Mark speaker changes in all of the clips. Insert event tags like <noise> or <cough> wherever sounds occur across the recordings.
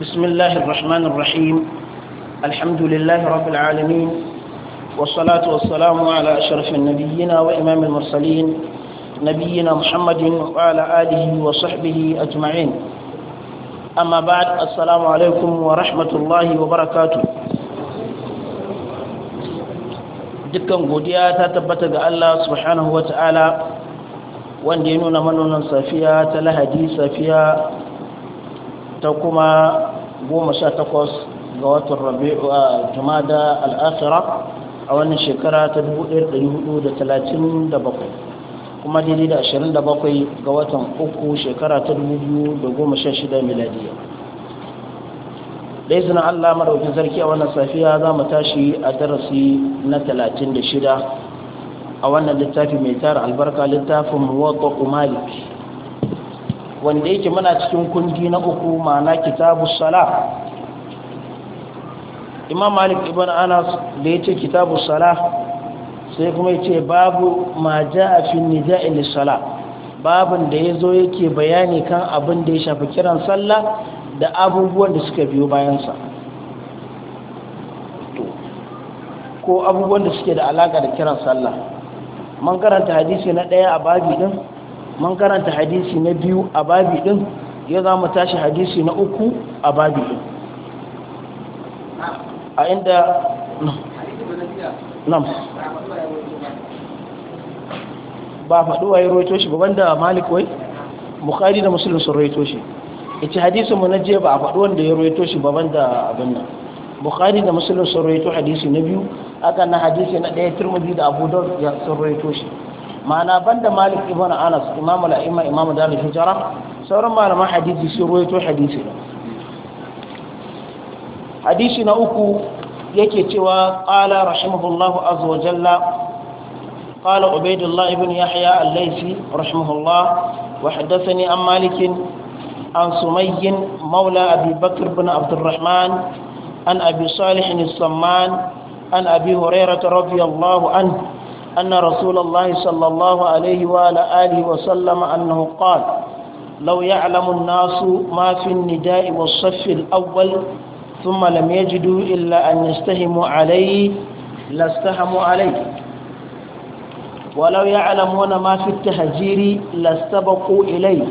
Speaker 1: بسم الله الرحمن الرحيم الحمد لله رب العالمين والصلاة والسلام على أشرف النبيين وإمام المرسلين نبينا محمد وعلى آله وصحبه أجمعين أما بعد السلام عليكم ورحمة الله وبركاته دكم قديا تتبتغ الله سبحانه وتعالى وان دينونا ta'ala wanda ya nuna ta kuma goma sha takwas ga watan rabi'u a jumada al'afira a wannan shekara ta 1437 kuma daidai da 27 ga watan uku shekara ta 2016 miladiya dai suna allah maraukin sarki a wannan safiya za mu tashi a darasi na 36 a wannan littafi mai tara albarka littafin muwatta malik wanda yake muna cikin kundi na uku ma'ana kitabu sala imam malik ibn anas da ya ce kitabu sala sai kuma yace babu ma jaa fi nida'il sala babun da yazo yake bayani kan abin da ya shafi kiran sallah da abubuwan da suka biyo bayansa ko abubuwan da suke da alaka da kiran sallah mun karanta hadisi na ɗaya a babi din mun karanta hadisi na biyu a babi din ya za mu tashi hadisi na uku a babi din a inda nam ba faɗuwa ya roito shi babban da malik wai bukari da musulun sun roito shi ita hadisin mu na je ba a faɗi wanda ya roito shi babban da abin nan bukari da musulun sun roito hadisi na biyu aka na hadisi na ɗaya turmudi da abu da sun roito shi ma'ana banda malik ibn anas imamu la'imma imamu da hijara sauran malaman hadisi sun ruwaito hadisi hadisi na uku yake cewa qala rahimahullahu azza wa jalla qala ubaidullah ibn yahya al-laysi rahimahullah wa haddathani an malik an sumayy mawla abi bakr ibn abd arrahman an abi salih as-samman an abi hurairah radiyallahu anhu أن رسول الله صلى الله عليه وعلى آله وسلم أنه قال لو يعلم الناس ما في النداء والصف الأول ثم لم يجدوا إلا أن يستهموا عليه لاستهموا عليه ولو يعلمون ما في التهجير لاستبقوا إليه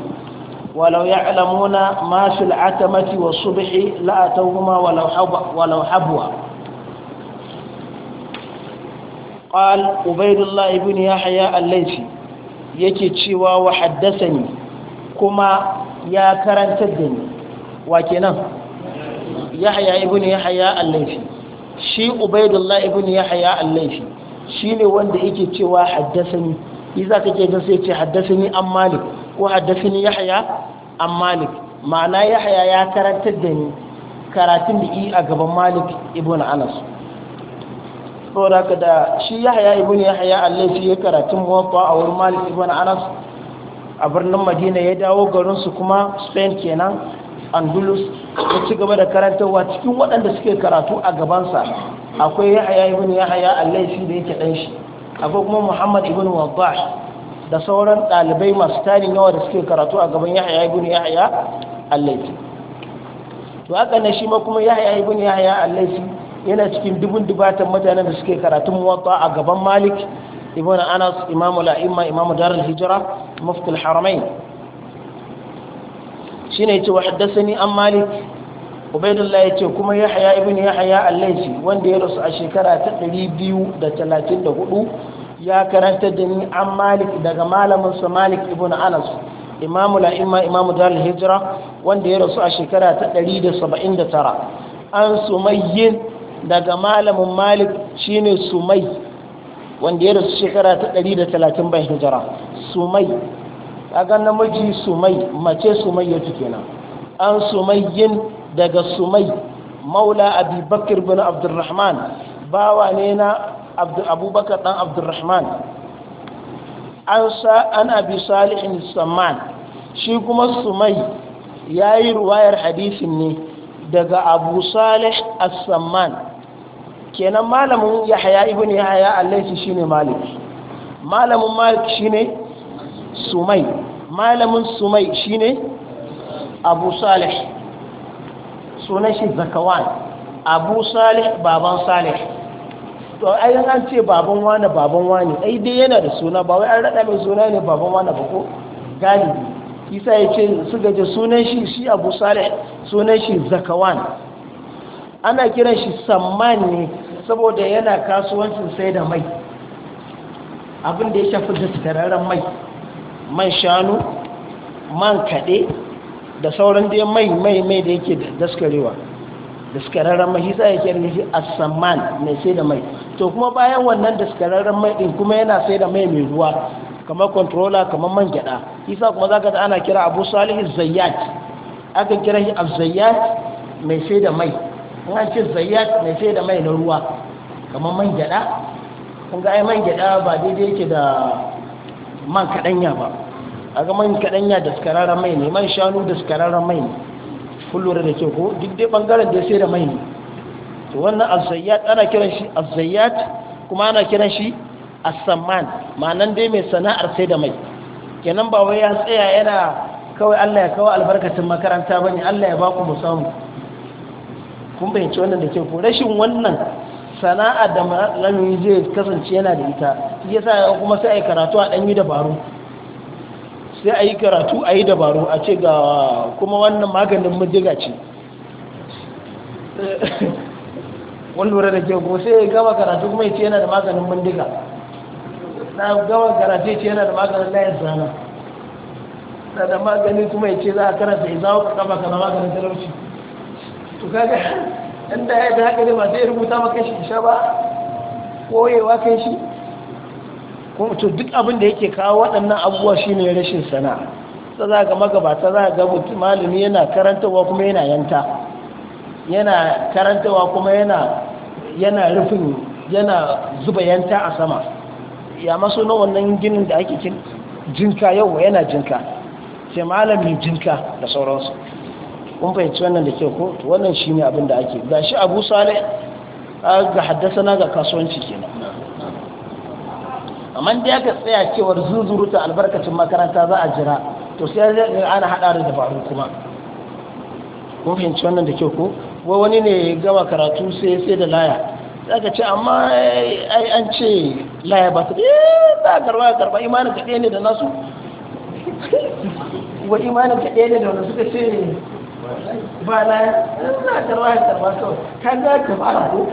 Speaker 1: ولو يعلمون ما في العتمة والصبح لأتوهما ولو حبوا, ولو حبوا قال عبيد الله بن يحيى الليثي yake cewa wa haddasani kuma ya karantar da ni wa kenan yahya ibn yahya al-laifi shi ubaidullah ibn yahya al-laifi shine wanda yake cewa haddasani iza kake ga sai ce haddasani an malik ko haddasani yahya an malik ma'ana yahya ya karantar da ni karatun da yi a gaban malik ibn anas saboda ka da shi yahya ya yahya al-laifi ya karatun mawafa a wurin malik ibn anas a birnin madina ya dawo garinsu kuma spain kenan andalus ya ci gaba da karantarwa cikin waɗanda suke karatu a gabansa akwai ya yahya ibn ya al-laifi da yake ɗan shi akwai kuma muhammad ibn wadah da sauran ɗalibai masu tarin yawa da suke karatu a gaban yahya ibn yahya al-laifi to haka ne shi ma kuma yahya ibn yahya al-laifi yana cikin dubun dubatan mutanen da suke karatun muwatta a gaban malik ibn anas imamu la'imma imamu darul hijira muftul haramain shine yace wa haddathani an malik ubaydullah yace kuma yahya ibn yahya al-laysi wanda ya rasu a shekara ta 234 ya karanta da ni an malik daga malamin sa malik ibn anas imamu la'imma imamu darul hijira wanda ya rasu a shekara ta 179 an sumayyin daga malamin malik shine sumai wanda ya rasu shekara ta 130 bayan hijira sumai aga namiji sumai mace sumai ya kenan an sumai yin daga sumai maula abubakar bin abdurrahman bawa ne na abubakar dan abdurrahman an sa an abi salihin saman shi kuma sumai ya yi ruwayar hadisin ne daga abu salih as-samman kenan malamin yahya ibn yahya allahi shine malik malamin malik shine sumai malamin sumai shine abu salih sunan shi zakawan abu salih baban salih to ai an ce baban wani baban wani ai dai yana da suna ba wai an rada mai suna ne baban wani ba ko galibi kisa ya ce su gaje sunan shi shi abu salih sunan shi zakawan ana kiran shi samman ne saboda yana kasuwancin sai da mai abin da ya shafi daskararren mai man shanu man kaɗe da sauran da mai mai mai da yake daskarewa daskararren mai hisa ya kiran shi asamman mai sai da mai to kuma bayan wannan daskararren mai din kuma yana sai da mai mai ruwa kamar controller kamar man gyada isa kuma zaka ta ana kira abu salihu zayyat aka kira shi zayyat mai sai da mai in an ce zayyat mai sai da mai na ruwa kamar man gyada kun ga ai man gyada ba daidai yake da man kadanya ba a ga man kadanya da skararren mai ne man shanu da skararren mai ne kun da ke ko duk dai bangaren da sai da mai ne to wannan azayyat ana kiran shi azayyat kuma ana kiran shi Asaman ma'anan dai mai sana'ar sai da mai kenan ba wai ya tsaya yana kawai Allah ya kawo albarkacin makaranta bane Allah ya ba ku musamman kun bayyace wannan da ke ko rashin wannan sana'a da malami zai kasance yana da ita sa kuma sai ai karatu a dan yi dabaru sai a yi karatu a yi dabaru a ce ga kuma wannan maganin majiga ce wani lura da ke ko sai ya karatu kuma ya ce yana da maganin bindiga na gawa garafe ce yana da maganin layin zana na da magani kuma ya ce za a karanta ya zawo ka kama kana maganin talauci to kaga da ya da haka ne ba sai rubuta maka shi sha ba koyewa kai shi to duk abin da yake kawo waɗannan abubuwa shine rashin sana'a ta za ga magabata za ga mutum malami yana karantawa kuma yana yanta yana karantawa kuma yana yana rufin yana zuba yanta a sama ya maso na wannan ginin da ake kin jinka yau yana jinka sai malamin jinka da sauransu kun fahimci wannan da ke ko wannan shi ne abin da ake ga shi abu sale ga haddasa na ga kasuwanci ke nan.
Speaker 2: amma da aka tsaya cewar
Speaker 1: zuzuruta albarkacin makaranta za a jira to sai ana haɗa da dabaru kuma kun fahimci wannan da ke ko wani ne ya gama karatu sai sai da laya aka ce amma ai an ce laya ba su eh za a a garba imanin ka ne da nasu <laughs> wa imanin ka ne da wani suka ce ba laya eh, za a garba karba ka ga ka fara ko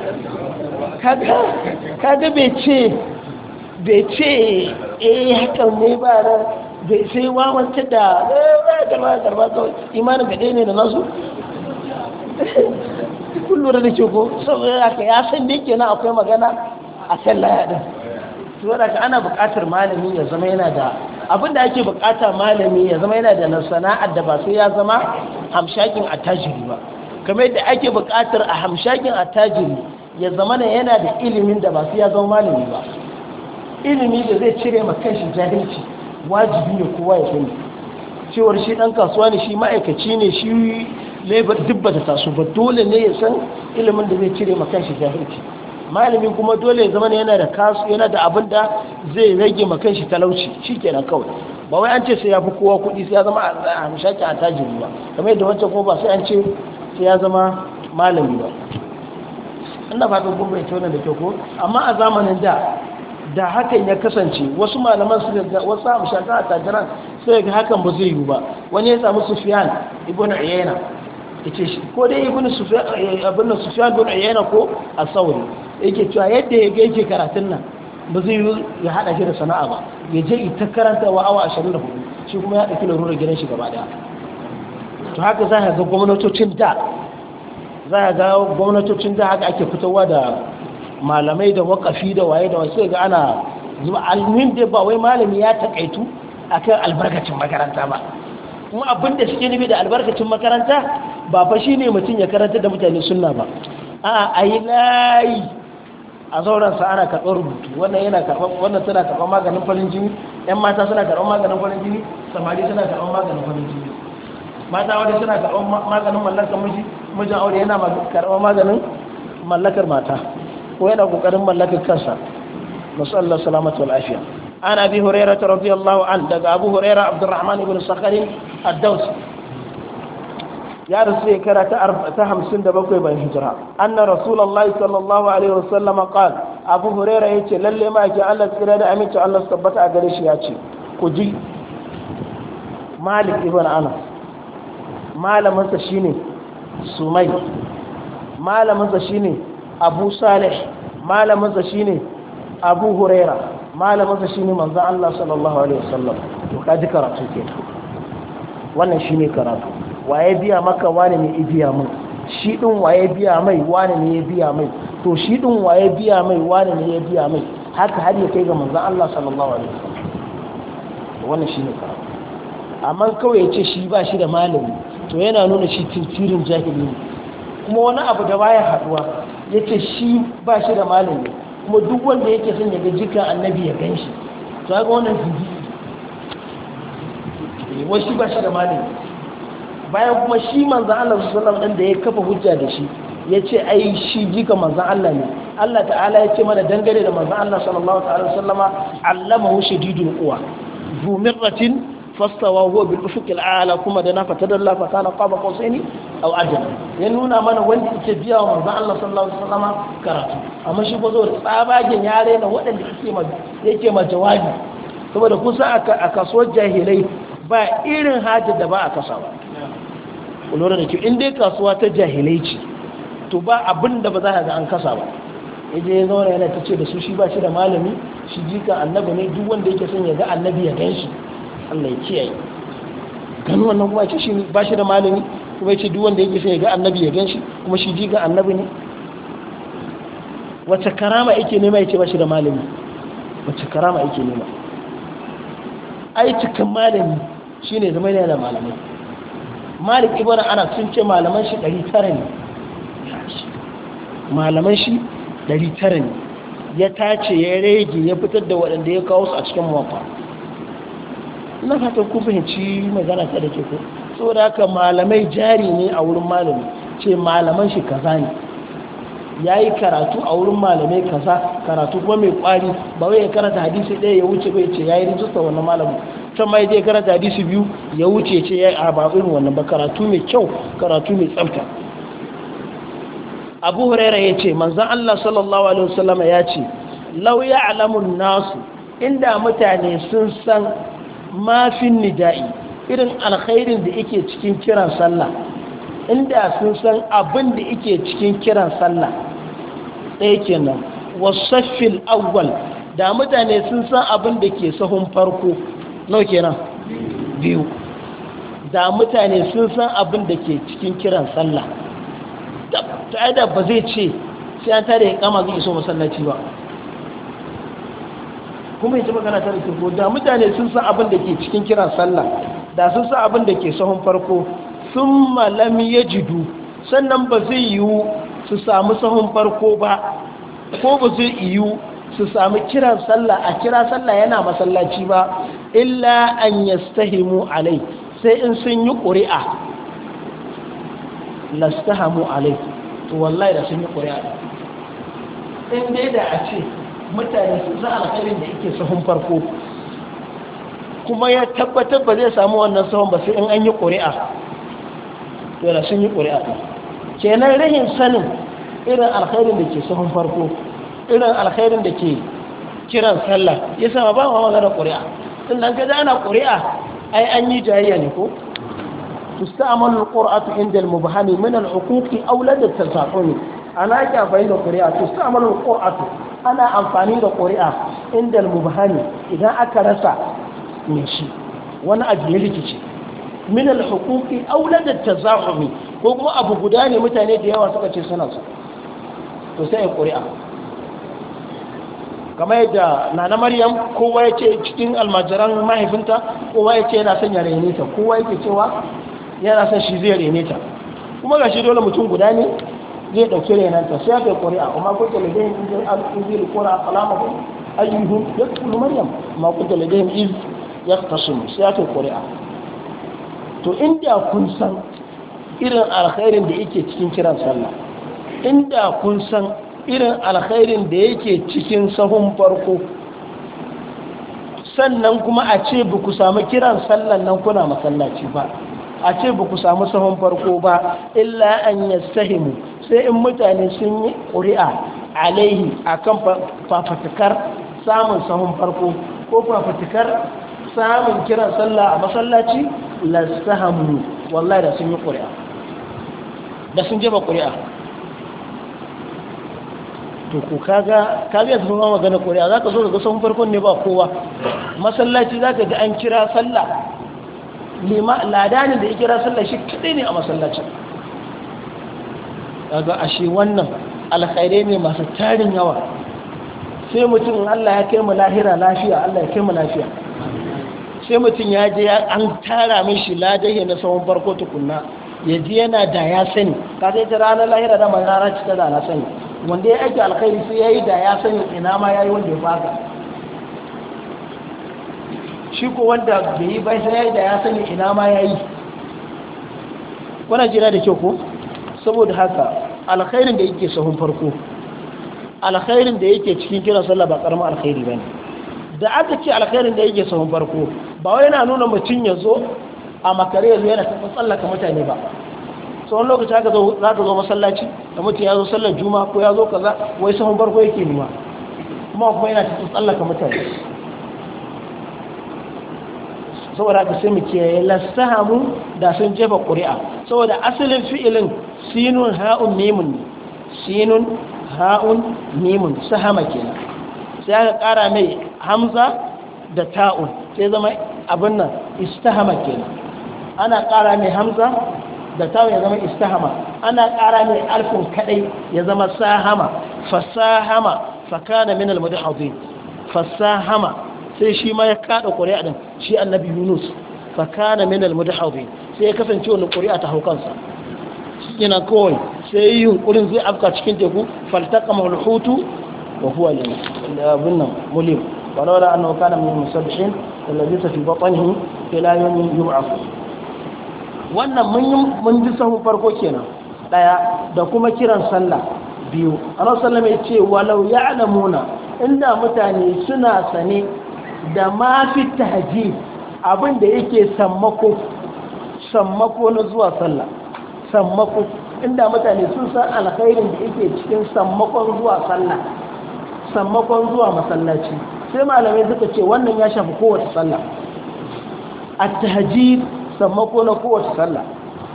Speaker 1: ka ga bai ce bai ce eh hakan ne ba na bai sai wawance da eh, za a a garba kawai imanin ka ne da nasu <laughs> kun lura da ke ko saboda ka ya san da yake nan akwai magana a kan din to da ka ana buƙatar malami ya zama yana da abin da ake buƙata malami ya zama yana da na sana'ar da ba sai ya zama hamshakin attajiri ba kamar yadda ake buƙatar a hamshakin attajiri ya zama yana da ilimin da ba sai ya zama malami ba ilimi da zai cire ma kanshi jahilci wajibi ne kowa ya sani cewar shi ɗan kasuwa ne shi ma'aikaci ne shi ba dubba ta taso ba dole ne ya san ilimin da zai cire makan shi jahilci malamin kuma dole ya zama yana da kasu yana da abin da zai rage makan shi talauci shi kenan kawai ba wai an ce sai ya fi kowa kuɗi sai ya zama a hamshaki a tajiri ba kamar yadda wancan kuma ba sai an ce sai ya zama malami ba ina fatan kun bai tona da kyau ko amma a zamanin da da hakan ya kasance wasu malaman su ga wasu hamshaka a tajiran sai ga hakan ba zai yiwu ba wani ya samu sufiyan ibn uyayna yace shi ko dai ibnu sufyan abin eh, sufyan bin ayyana ko as yake cewa yadda yake yake karatun nan ba zai yi ya hada shi da sana'a ba ya je ita karanta wa awa 24 shi kuma ya dauki rura gidan shi gaba daya to haka za ka ga gwamnatocin da za ka ga gwamnatocin da haka ake fitowa da malamai da wakafi da waye da wasu ga ana zuwa almin da ba wai malami ya takaitu akan albarkacin makaranta ba kuma abin da suke nufi da albarkacin makaranta ba fa shi ne mutum ya karanta da mutane suna ba a yi layi a zauren sa ana karɓar rubutu wannan yana karɓar wannan maganin farin jini yan mata suna karɓar maganin farin jini samari suna karɓar maganin farin jini mata wadda suna karɓar maganin mallakar miji mijin aure yana karɓar maganin mallakar mata ko yana kokarin mallakar kansa musallar salamatu wal afiya an abi hurairah radiyallahu an daga abu hurera abdurrahman ibn sakarin ad ya rasu shekara ta hamsin da bakwai ban hijira anna rasulallah sallallahu alaihi wasallama qal abu huraira yace lalle ma ake allah tsira da aminci allah su tabbata a gare shi ya ce ku ji malik ibn anas malaminsa shine sumai Malamin malaminsa shine abu salih malaminsa shine abu Malamin malaminsa shine manzon allah sallallahu alaihi wasallam to kaji karatu ke wannan shine karatu waye biya maka wani ne biya mai shi din waye biya mai wani ne ya biya mai to shi din waye biya mai wani ne ya biya mai haka har ya kai ga manzon Allah sallallahu alaihi wasallam wannan shine ka amma kawai ya ce shi ba shi da malami to yana nuna shi tirtirin jahili kuma wani abu da baya haduwa yace shi ba shi da malami kuma duk wanda yake son ya ga jikan annabi ya ganshi to ga wannan zindi eh, wasu ba shi da malami bayan kuma shi manzan Allah su sallam ɗin da ya kafa hujja da shi ya ce ai shi jika manzan Allah ne Allah ta'ala ya ce mana dangane da manzan Allah sallallahu ta'ala sallama allama hu shadidul quwa zu mirratin fastawa huwa bil ufuq al ala kuma da na fatadalla fa kana qaba qausaini aw ajal ya nuna mana wanda yake biya wa manzan Allah sallallahu alaihi wasallama karatu amma shi ko zo tsabagen yare na waɗanda yake ma yake ma jawabi saboda kusa a kasuwar jahilai ba irin hajjar da ba a kasawa. ku da kyau in dai kasuwa ta jahilai ce to ba abin da ba za a ga an kasa ba yaje ya zauna yana ta ce da su shi ba shi da malami shi jika annabi ne duk wanda yake son ya ga annabi ya gan shi Allah ya kiyaye gani wannan kuma ce shi ba shi da malami kuma ya ce duk wanda yake son ya ga annabi ya gan shi kuma shi jika annabi ne wace karama yake nema ya ce ba shi da malami wace karama yake nema ai cikin malami shine zama yana da malamai malik ibn ana sun ce malaman shi 900 ne malaman shi 900 ne ya tace ya rage ya fitar da waɗanda ya kawo su a cikin mafa na fatan ku fahimci magana ta da ke ko saboda haka malamai jari ne a wurin malami ce malaman shi kaza ne ya yi karatu a wurin malamai kasa karatu kuma mai kwari ba wai ya karata hadisi ɗaya ya wuce bai ce ya yi rijista wannan malamin can ma ya karata hadisi biyu ya wuce ce ya yi a babin wannan ba karatu mai kyau karatu mai tsafta abu huraira ya ce manzan allah sallallahu alaihi wasallama ya ce lau ya alamun nasu inda mutane sun san mafin nida'i irin alkhairin da yake cikin kiran sallah inda sun san abin da yake cikin kiran sallah ɗaya kenan wasaffil awwal da mutane sun san abin da ke sahun farko nau kenan biyu da mutane sun san abin da ke cikin kiran sallah ta da ba zai ce sai an tare kama zai iso masallaci ba kuma yace magana ta rikin da mutane sun san abin da ke cikin kiran sallah da sun san abin da ke sahun farko sun malam ya jidu sannan ba zai yiwu su samu sahun farko ba ko ba zai yiwu su samu kiran sallah a kira sallah yana masallaci ba illa an yastahimu alai sai in sun yi ƙuri'a lastahamu alai to wallahi da sun yi ƙuri'a in dai da a ce mutane su za alƙalin da yake sahun farko kuma ya tabbatar ba zai samu wannan sahun ba sai in an yi ƙuri'a yana sun yi ƙuri'a kenan rahin sanin irin alkhairin da ke sahun farko irin alkhairin da ke kiran sallah ya sama ba wa magana ƙuri'a tun da gaza ana ƙuri'a ai an yi jayayya ne ko tustamalin ƙuratu inda mubahani minan hukuki aulad da tattaso ne ana ki amfani da ƙuri'a tustamalin ƙuratu ana amfani da ƙuri'a inda mubahani idan aka rasa ne wani abu ya rikici min al-huquqi aula da tazahumi ko kuma abu guda ne mutane da yawa suka ce suna su to sai ya ƙuri'a kamar yadda nana maryam kowa ya ce cikin almajiran mahaifinta kowa ya ce yana son ya rene ta kowa yake cewa yana son shi zai rene ta kuma ga shi dole mutum guda ne zai ɗauki ta sai aka yi ƙuri'a kuma ko ta lagayin izin al'izil kura alamahun ayyuhun ya kulu maryam ma ko ta lagayin iz ya tashi sai aka yi ƙuri'a to inda kun san irin alkhairin da yake cikin kiran sallah inda kun san irin alkhairin da yake cikin sahun farko sannan kuma a ce ba ku samu kiran sallan nan kuna masallaci ba a ce ba ku samu sahun farko ba illa an yastahimu sai in mutane sun yi ƙuri'a alaihi akan fafatikar samun sahun farko ko fafatikar. samun kiran sallah a masallaci lastahamu wallahi da sun yi ƙuri'a da sun jefa ƙuri'a to ku kaga ka biya su magana ƙuri'a za ka zo daga sun farkon ne ba kowa masallaci za ka ga an kira sallah ladanin da ya kira sallah shi kaɗai ne a masallacin kaga ashe wannan alkhairai ne masu tarin yawa sai mutum Allah ya kai mu lahira lafiya Allah ya kai mu lafiya sai mutum ya je an tara min shi ladayya na tsawon farko tukunna ya ji yana da ya sani ka sai ta ranar lahira da rana cika da na sani wanda ya aiki alkhairi sai ya yi da ya sani ina ma ya yi wanda ya faka shi ko wanda bai yi bai sai ya yi da ya sani ina ma ya yi kuna jira da kyau ko saboda haka alkhairin da yake sahun farko alkhairin da yake cikin kiran sallah ba karamin alkhairi ne da aka ce alkhairin da yake sahun farko ba wai yana nuna mutum ya zo a makare ya zo yana tafi tsallaka mutane ba tsawon lokaci haka za ka zo masallaci da mutum ya zo sallar juma ko ya zo za wai sahun barko yake nima kuma kuma yana tafi tsallaka mutane saboda haka sai mu lasta hamu da sun jefa ƙuri'a saboda asalin fi'ilin sinun ha'un nemun ne sinun ha'un Su hama kenan sai aka ƙara mai hamza da ta'un sai zama abin nan istahama kenan ana ƙara mai hamza da tawo ya zama istahama ana ƙara mai alfin kadai ya zama sahama fasahama fakana min almudahidin fasahama sai shi ma ya kada ƙuri'a din shi annabi Yunus fakana min almudahidin sai ya kasance wani ƙuri'a ta haukansa yana kawai sai yi yunkurin zai afka cikin teku faltaka malhutu wa huwa lin abin nan mulim wala wala annahu kana min musabbihin yalabisa fi batnihi ila yawmin yub'ath wannan mun mun ji sahun farko kenan daya da kuma kiran sallah biyu annabi sallallahu alaihi ce walau ya ya'lamuna inda mutane suna sane da mafi fi tahjib abin da yake sammako sammako na zuwa sallah sammako inda mutane sun san alkhairin da yake cikin sammakon zuwa sallah sammakon zuwa masallaci sai malamai suka ce wannan ya shafi kowace sallah at-tahajjud sammako na kowace sallah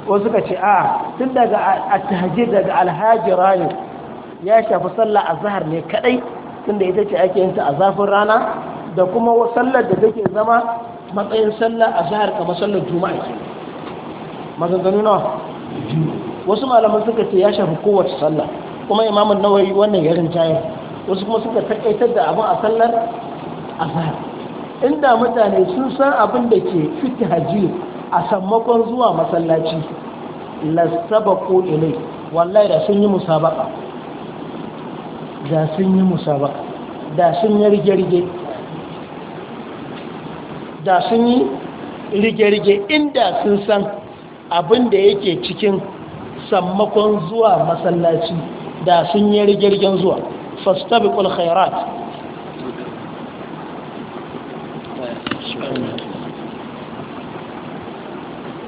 Speaker 1: ko suka ce a tun daga at-tahajjud daga al-hajira ne ya shafi sallah azhar ne kadai tunda ita ce ake yin ta a zafin rana da kuma sallar da take zama matsayin sallah azhar kamar sallar juma'a ce maganganu nawa wasu malaman suka ce ya shafi kowace sallah kuma imamun nawayi wannan yarin tayar wasu kuma suka takaitar da abin a sallar azhar inda mutane sun san abin da ke fiti haji a sammakon zuwa masallaci lasabaqu ilai wallahi da sun yi musabaka da sun yi musabaka da sun yi rige-rige da sun yi rige-rige inda sun san abin da yake cikin sammakon zuwa masallaci da sun yi rige-rigen zuwa fastabiqul khairat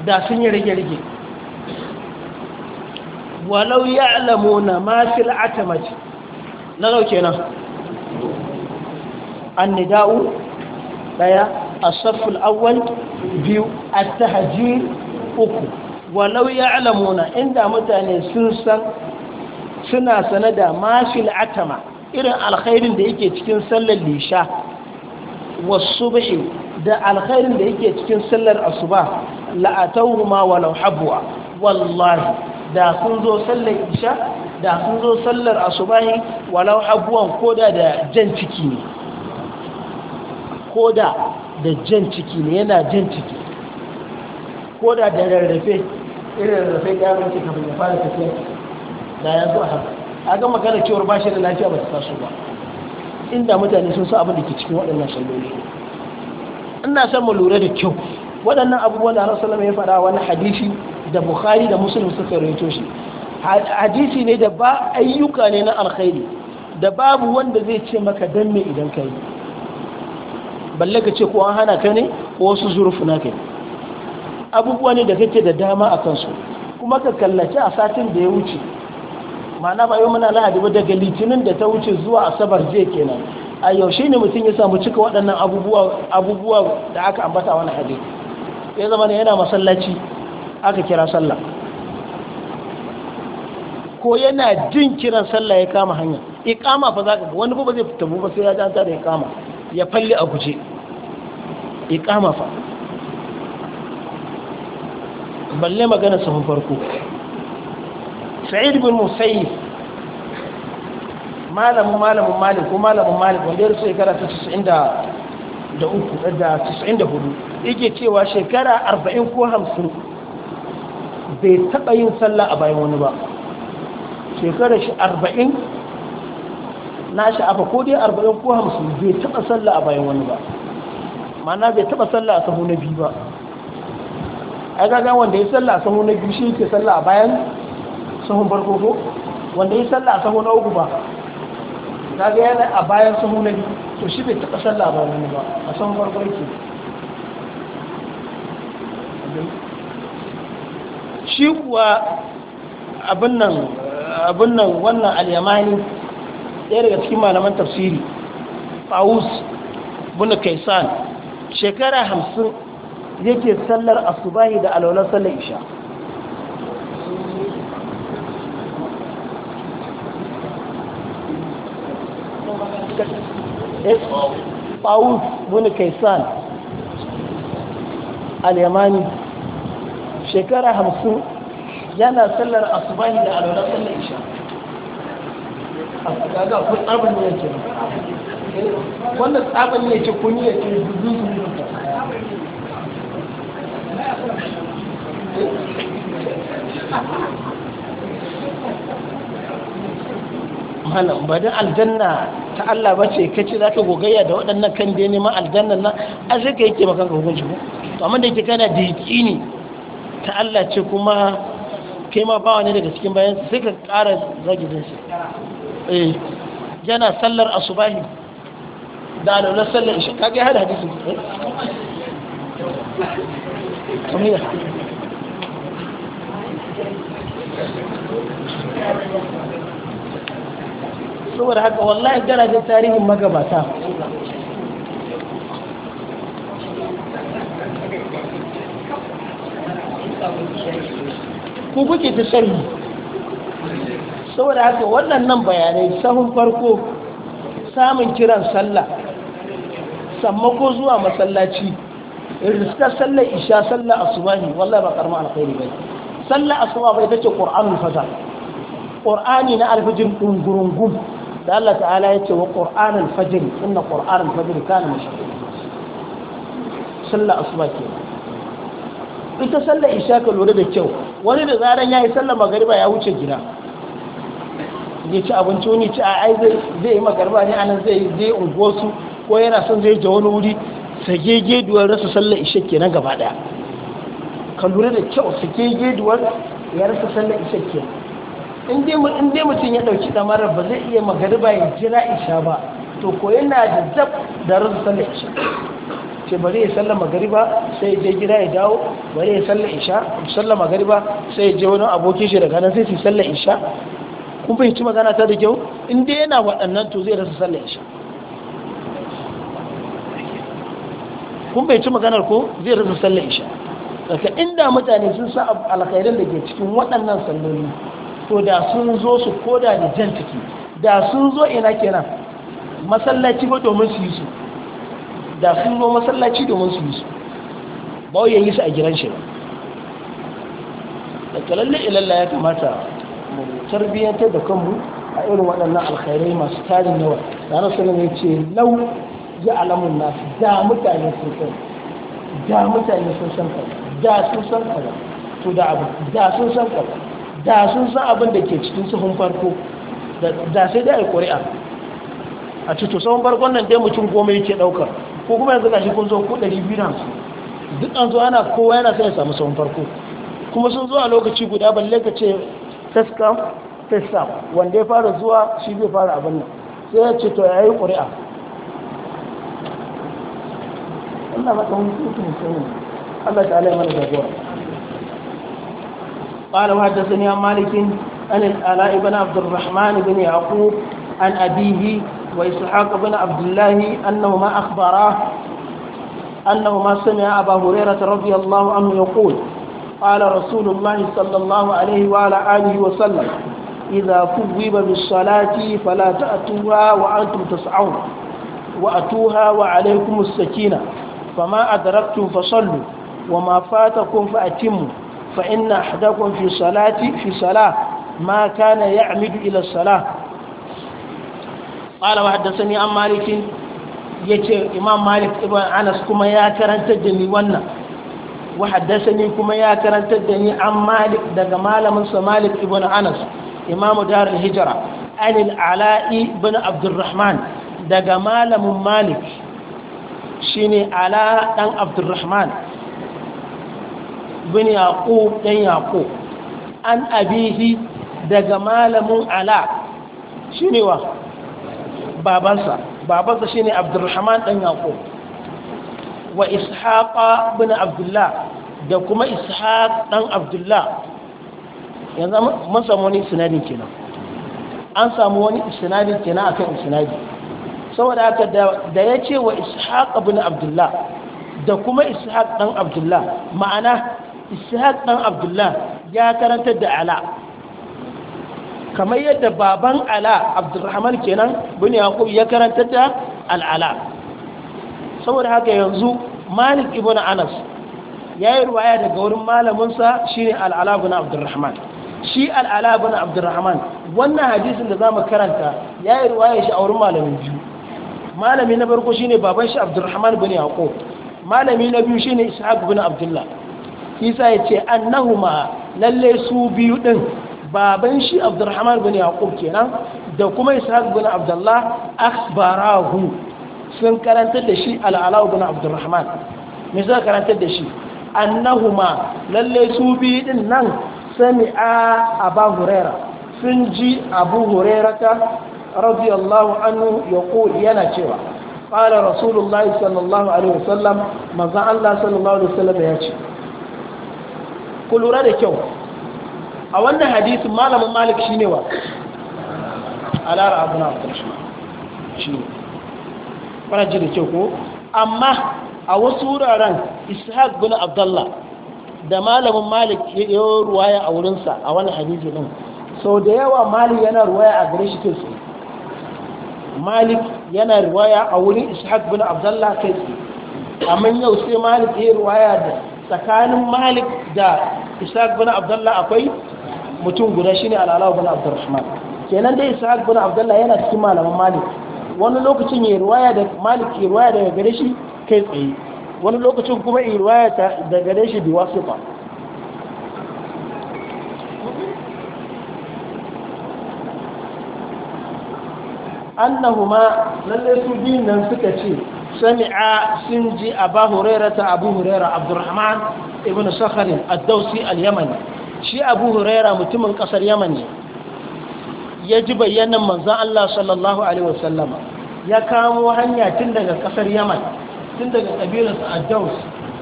Speaker 1: da sun yi rage-rage walau ya alamu na la'ata mace na dauke nan an da'u daya a saful awal biyu a haji uku walau ya alamu inda mutane sun san suna sanada la'ata ma irin alkhairin da yake cikin sallar lisha wasubahi da alkhairin da yake cikin sallar asuba la'atawhuma walau habwa wallahi da sun zo sallar isha da sun zo sallar asubahi walau habwan koda da jan ciki ne koda da jan ciki ne yana jan ciki koda da rarrafe irin rarrafe ya yaron ciki kafin ya fara tafiya da 'yanzu a haka a ga magana cewar bashi da lafiya ba ta taso ba inda mutane sun sa abin da ke cikin waɗannan salloli ina son mu lura da kyau waɗannan abubuwan da Allah sallama ya faɗa wani hadisi da Bukhari da Muslim suka rawaito shi hadisi ne da ba ayyuka ne na alkhairi da babu wanda zai ce maka dan me idan kai balle ka ce ko an hana ka ne ko wasu zurfuna kai abubuwa ne da kake da dama a kansu kuma ka kallace a satin da ya wuce ma'ana ba yau muna lahadi ba daga litinin da ta wuce zuwa asabar je kenan a yaushe ne mutum ya samu cika waɗannan abubuwa da aka ambata wani hadisi ya zama ne yana masallaci aka kira sallah ko yana jin kiran sallah ya kama hanya kama fa ka ga wani ba zai fita ba sai ya ji da tare ya falli a guje kama fa balle magana sahun farko sa'id bin musayyib malamin malamin malik ko malamin malik wanda ya rasu shekara ta 93 da 94 yake cewa shekara 40 ko 50 bai taɓa yin sallah a bayan wani ba shekara shi 40 na sha'afa ko dai 40 ko 50 bai taɓa sallah a bayan wani ba mana bai taɓa sallah a sahu na biyu ba a gaga wanda ya sallah a sahu na biyu shi yake sallah a bayan sahun farko ko wanda yi sallah a sahu na uku ba ta ga yana a bayan sahu na biyu to shi bai taɓa sallah ba wani ba a sahun farko yake shi kuwa abin nan wannan alyamani ɗaya daga cikin malaman tafsiri Fawus bunu Kaisan shekara hamsin yake sallar asubahi da alwalar sallar isha طاووس بن كيسان اليماني شكرا همسون yana sallar asubahi da alwala sallar isha
Speaker 2: a kaga kun abin ne ke wannan tsabin ne ke
Speaker 1: kun ya ke dubu su ba aljanna ta Allah ba ce kace zaka gogayya da waɗannan kan da neman aljannan nan a sai ka yake maka hukunci ko to amma da yake kana da yaqini ta Allah ce kuma kai ma bawa ne daga cikin bayan sai ka ƙara zagi din shi eh yana sallar asubahi da alwala sallar isha kage hada hadisi
Speaker 2: Samira. saboda
Speaker 1: haka wallahi gara ga tarihin magabata ku kuke ta sharhi saboda haka waɗannan bayanai sahun farko samun kiran sallah sammako zuwa masallaci riskar sallar isha sallar asubahi wallahi ba karma alkhairu bai sallar asuba bai tace qur'anul fajr qur'ani na alfijin ɗungurungun da Allah ta'ala ya ce wa ƙor'an alfajiri inna alfajiri alfajir na mashaƙi sallah asuba ke ita sallah isha ka lura da kyau wani da zaran ya yi sallah magariba ya wuce gida ya ci abinci wani ci a ai zai yi magariba ne anan zai zai unguwarsu ko yana son zai ja wani wuri sagege duwar rasa sallah isha kenan gaba daya ka lura da kyau sagege duwar ya rasa sallah isha in dai mutum ya ɗauki ɗamarar ba zai iya magariba ya jira isha ba to ko yana da zab da rasu sallar isha ce bari ya sallar magariba sai ya je gida ya dawo bari ya sallar isha sallar magariba sai ya je wani abokin shi daga nan sai su sallar isha kun fahimci magana ta da kyau in dai yana waɗannan to zai rasu sallar
Speaker 2: isha kun fahimci
Speaker 1: maganar ko zai rasa sallar isha daga inda mutane sun sa alkhairin da ke cikin waɗannan salloli to da sun zo su koda da jan ciki da sun zo ina kenan masallaci ba domin su yi su da sun zo masallaci domin su yi su ba wa yi su a gidan shi ba da kalalle ilalla ya kamata mu tarbiyyantar da kanmu a irin waɗannan alkhairai masu tarin yawa da na sanin ya ce lau ya alamun nasu da mutane sun san da mutane sun san kaza da sun san kaza to da abu da sun san kaza da sun san abin da ke cikin sahun farko da sai da ya ƙuri'a a cikin sahun farkon nan dai mutum goma yake ɗaukar ko kuma yanzu gashi kun zo ko ɗari biyu su duk an zo ana kowa yana sai ya samu sahun farko kuma sun zo a lokaci guda balle ka ce first come wanda ya fara zuwa shi zai fara abin nan sai ya ce to ya yi ƙuri'a Allah ba ta mutu mutum Allah ta ala mana jagora قال وحدثني عن مالك عن الآلاء بن عبد الرحمن بن يعقوب عن أبيه وإسحاق بن عبد الله أنهما أخبراه أنهما سمع أبا هريرة رضي الله عنه يقول قال رسول الله صلى الله عليه وعلى آله وسلم إذا كذب بالصلاة فلا تأتوها وأنتم تسعون وأتوها وعليكم السكينة فما أدركتم فصلوا وما فاتكم فأتموا فإن أحدكم في صلاة في صلاة ما كان يعمد إلى الصلاة قال وحدثني عن مالك يتي إمام مالك ابن أنس كما يا كرنت الدني ونا وحدثني كما يا كرنت الدني عن مالك دغ مالك مالك ابن أنس إمام دار الهجرة عن العلاء بن عبد الرحمن دغ مالك مالك شيني علاء بن عبد الرحمن bin yaqub dan yaqub an abihi daga malamin ala shine wa babansa babansa shine abdurrahman dan yaqub wa ishaqa bin abdullah da kuma ishaq dan abdullah yanzu mun samu wani sinadin kenan an samu wani sinadin kenan akan sunadi saboda haka da ya ce wa ishaq bin abdullah da kuma ishaq dan abdullah ma'ana ishaq dan abdullah ya karanta da ala kamar yadda baban ala abdurrahman kenan bin yaqub ya karantar da al'ala saboda haka yanzu malik ibn anas ya yi ruwaya daga wurin malaminsa shi ne al'ala bin abdurrahman shi al'ala bin abdurrahman wannan hadisin da za mu karanta ya yi ruwaya shi a wurin malamin biyu malami na farko shine baban shi abdurrahman bin yaqub malami na biyu shine ne ishaq bin abdullah isa ya ce annahuma lalle su biyu din baban shi abdurrahman bin yaqub kenan da kuma ishaq bin abdullah akhbarahu sun karantar da shi al'ala bin abdurrahman me suka karantar da shi annahuma lalle su biyu din nan sami'a abu huraira sun ji abu huraira ta radiyallahu anhu yaqul yana cewa qala rasulullahi sallallahu alaihi wasallam manzo Allah sallallahu alaihi wasallam ya ce ku lura da kyau a wannan hadisin malamin malik shi ne wa alara abu na ƙarshe shi ne ƙwararci da kyau ko amma a wasu wuraren ishaq bin abdullah da malamin malik ya yi ruwaya a wurinsa a wani hadisi din sau da yawa malik yana ruwaya a gare shi kai malik yana ruwaya a wurin ishaq bin abdullah kai tsaye amma yau sai malik ya yi ruwaya da tsakanin malik da ishaq bin abdullahi akwai mutum guda shine al'ala bin abdurrahman kenan dai ishaq bin abdullahi yana cikin malaman malik wani lokacin ya riwaya da malik ya riwaya daga gare shi kai tsaye wani lokacin kuma ya riwaya daga gare shi bi ba. annahuma lalle su biyun nan suka ce sami'a sun ji abu huraira ta abu huraira abdurrahman ibn sakharin addausi al-yamani shi abu huraira mutumin ƙasar yaman ne ya ji bayyana manzan allah sallallahu alaihi wasallama ya kamo hanya tun daga kasar yaman tun daga ƙabilarsa addaus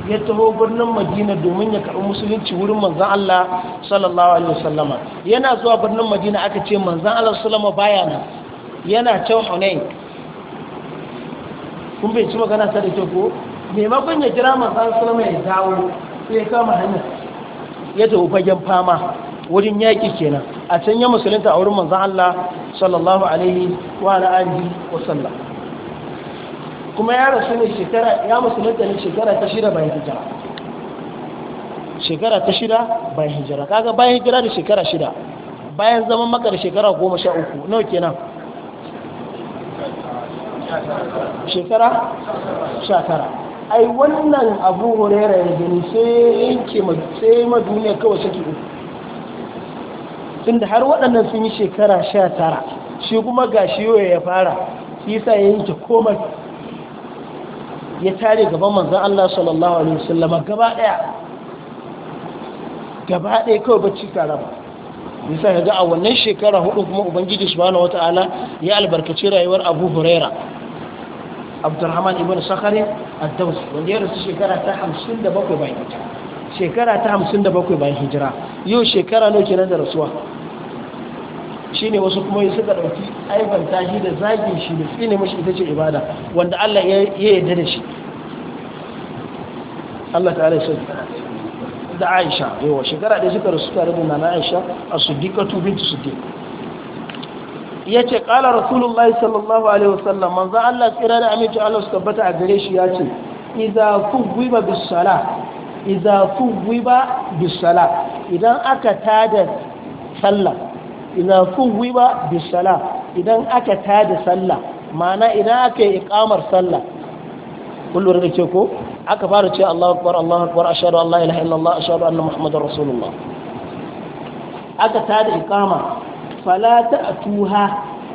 Speaker 1: ya taho birnin madina domin ya karbi musulunci wurin manzan allah sallallahu alaihi wasallama yana zuwa birnin madina aka ce manzan allah sallama baya nan yana can hunain kun bai ci magana ta da kyau ko maimakon ya jira manzan sulama ya dawo sai ya kama hanyar ya tafi fagen fama wurin yaƙi kenan a can ya musulunta a wurin manzan Allah sallallahu alaihi wa alihi wa sallam kuma ya rasu ne shekara ya musulunta ne shekara ta shida bayan hijira shekara ta shida bayan hijira kaga bayan hijira da shekara shida bayan zaman maka da shekara goma sha uku nawa kenan
Speaker 2: shekara shekara
Speaker 1: ai wannan abu hurera ya gani sai yanke sai ma duniya kawai suke uku tunda har waɗannan sun yi shekara sha tara shi kuma ga shi ya fara shi sa ya yanke komai ya tare gaban manzan Allah sallallahu alaihi wasallama gaba ɗaya gaba ɗaya kawai bacci tare ba nisa ya ga a wannan shekara hudu kuma ubangiji subhanahu wata'ala ya albarkaci rayuwar abu hurera. abdurrahman ibn sakharin ad-dawsi wanda ya rasu shekara ta 57 bayan hijira shekara ta 57 bayan hijira yau shekara nawa kenan da rasuwa shine wasu kuma suka dauki aiban tashi da zagin shi da tsine mashi ita ce ibada wanda Allah ya yarda da shi Allah ta'ala ya sauke da Aisha yawa shekara da suka rasu tare da Nana Aisha as-Siddiqatu bint Siddiq ya ce ƙala rasulullah sallallahu alaihi wasallam manzo Allah tsira da aminci Allah su tabbata a gare shi ya ce idza kuwiba bisala idza kuwiba bisala idan aka tada sallah idza kuwiba bisala idan aka tada sallah ma'ana idan aka yi iqamar sallah kullu da ce ko aka fara ce Allahu akbar Allahu akbar ashhadu an la ilaha illallah ashhadu anna muhammadar rasulullah aka tada iqama fala tuha,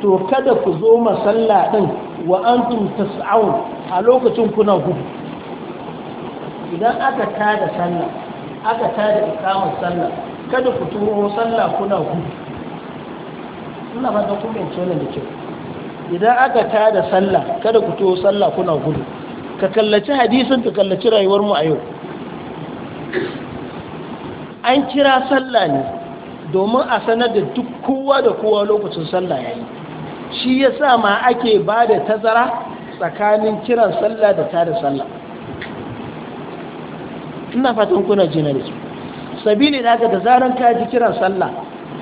Speaker 1: to kada ku zo masalla din wa antum tas'aun a lokacin kuna gudu idan aka tada sallah aka tada ikamar sallah kada ku turo sallah kuna gudu ina ba da kuma ce wannan da ke. idan aka tada sallah kada ku turo sallah kuna gudu ka kallaci hadisin ka kallaci rayuwar mu a yau an kira sallah ne domin a sanar da duk kowa da kowa lokacin sallah yayi shi yasa ma ake ba da tazara tsakanin kiran sallah da tada sallah ina fatan kuna jina da su sabili da da zaran ka ji kiran sallah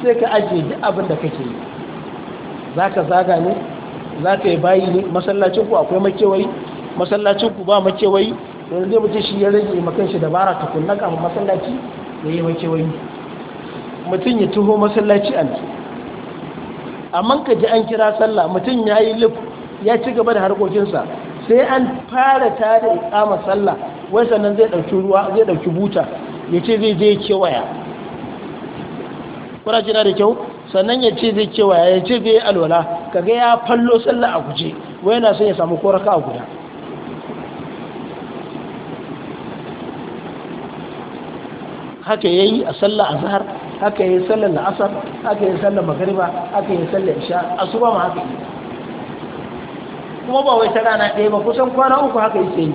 Speaker 1: sai ka ajiye duk abin da kake yi za ka zaga ne za ka yi bayi ne masallacinku akwai makewayi masallacin ku ba makewayi yanzu zai mace shi ya rage makan shi dabara ta kunna kafin masallaci yayi yi makewayi mutum ya tuho masallaci an amma ka ji an kira sallah mutum ya yi lif ya ci gaba da harkokinsa sai an fara ta da ikama sallah wai sannan zai ɗauki ruwa zai ɗauki buta ya ce zai je kewaya kuna jina da kyau sannan ya ce zai kewaya ya ce zai alwala kaga ya fallo sallah a guje wai yana son ya samu koraka a guda haka yayi a sallah a zahar haka yin sallar la'asar haka yin sallar magariba haka yin sallar isha asuba ma haka yi kuma ba wai ta rana ɗaya ba kusan kwana uku haka yi sai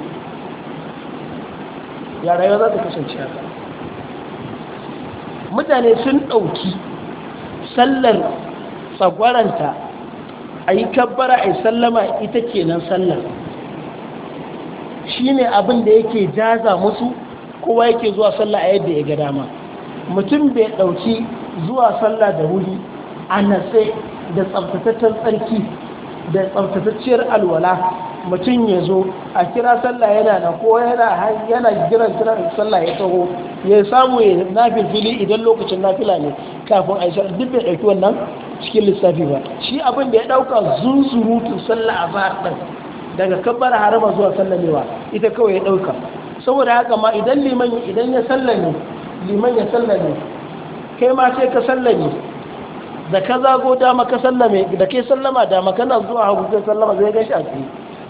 Speaker 1: ya rayuwa za ta kasance haka mutane sun ɗauki sallar tsagwaranta a yi kabbara a yi sallama ita kenan sallar shi ne abin da yake jaza musu kowa yake zuwa sallar a yadda ya ga dama mutum bai ɗauki zuwa sallah da wuri a natse da tsaftataccen tsarki da tsaftatacciyar alwala mutum ya zo a kira sallah yana na ko yana yana kiran sallah ya taho ya samu ya nafil fili idan lokacin nafila ne kafin a isa duk bai ɗauki wannan cikin lissafi ba shi abin da ya ɗauka zunzurutun sallah a zahar ɗin daga kabbar harama zuwa sallamewa ita kawai ya ɗauka saboda haka ma idan liman idan ya sallame liman ya sallame kai ma sai ka sallame da ka zago dama ka sallame da ke sallama dama kana zuwa hagu zai sallama zai gashi a tsaye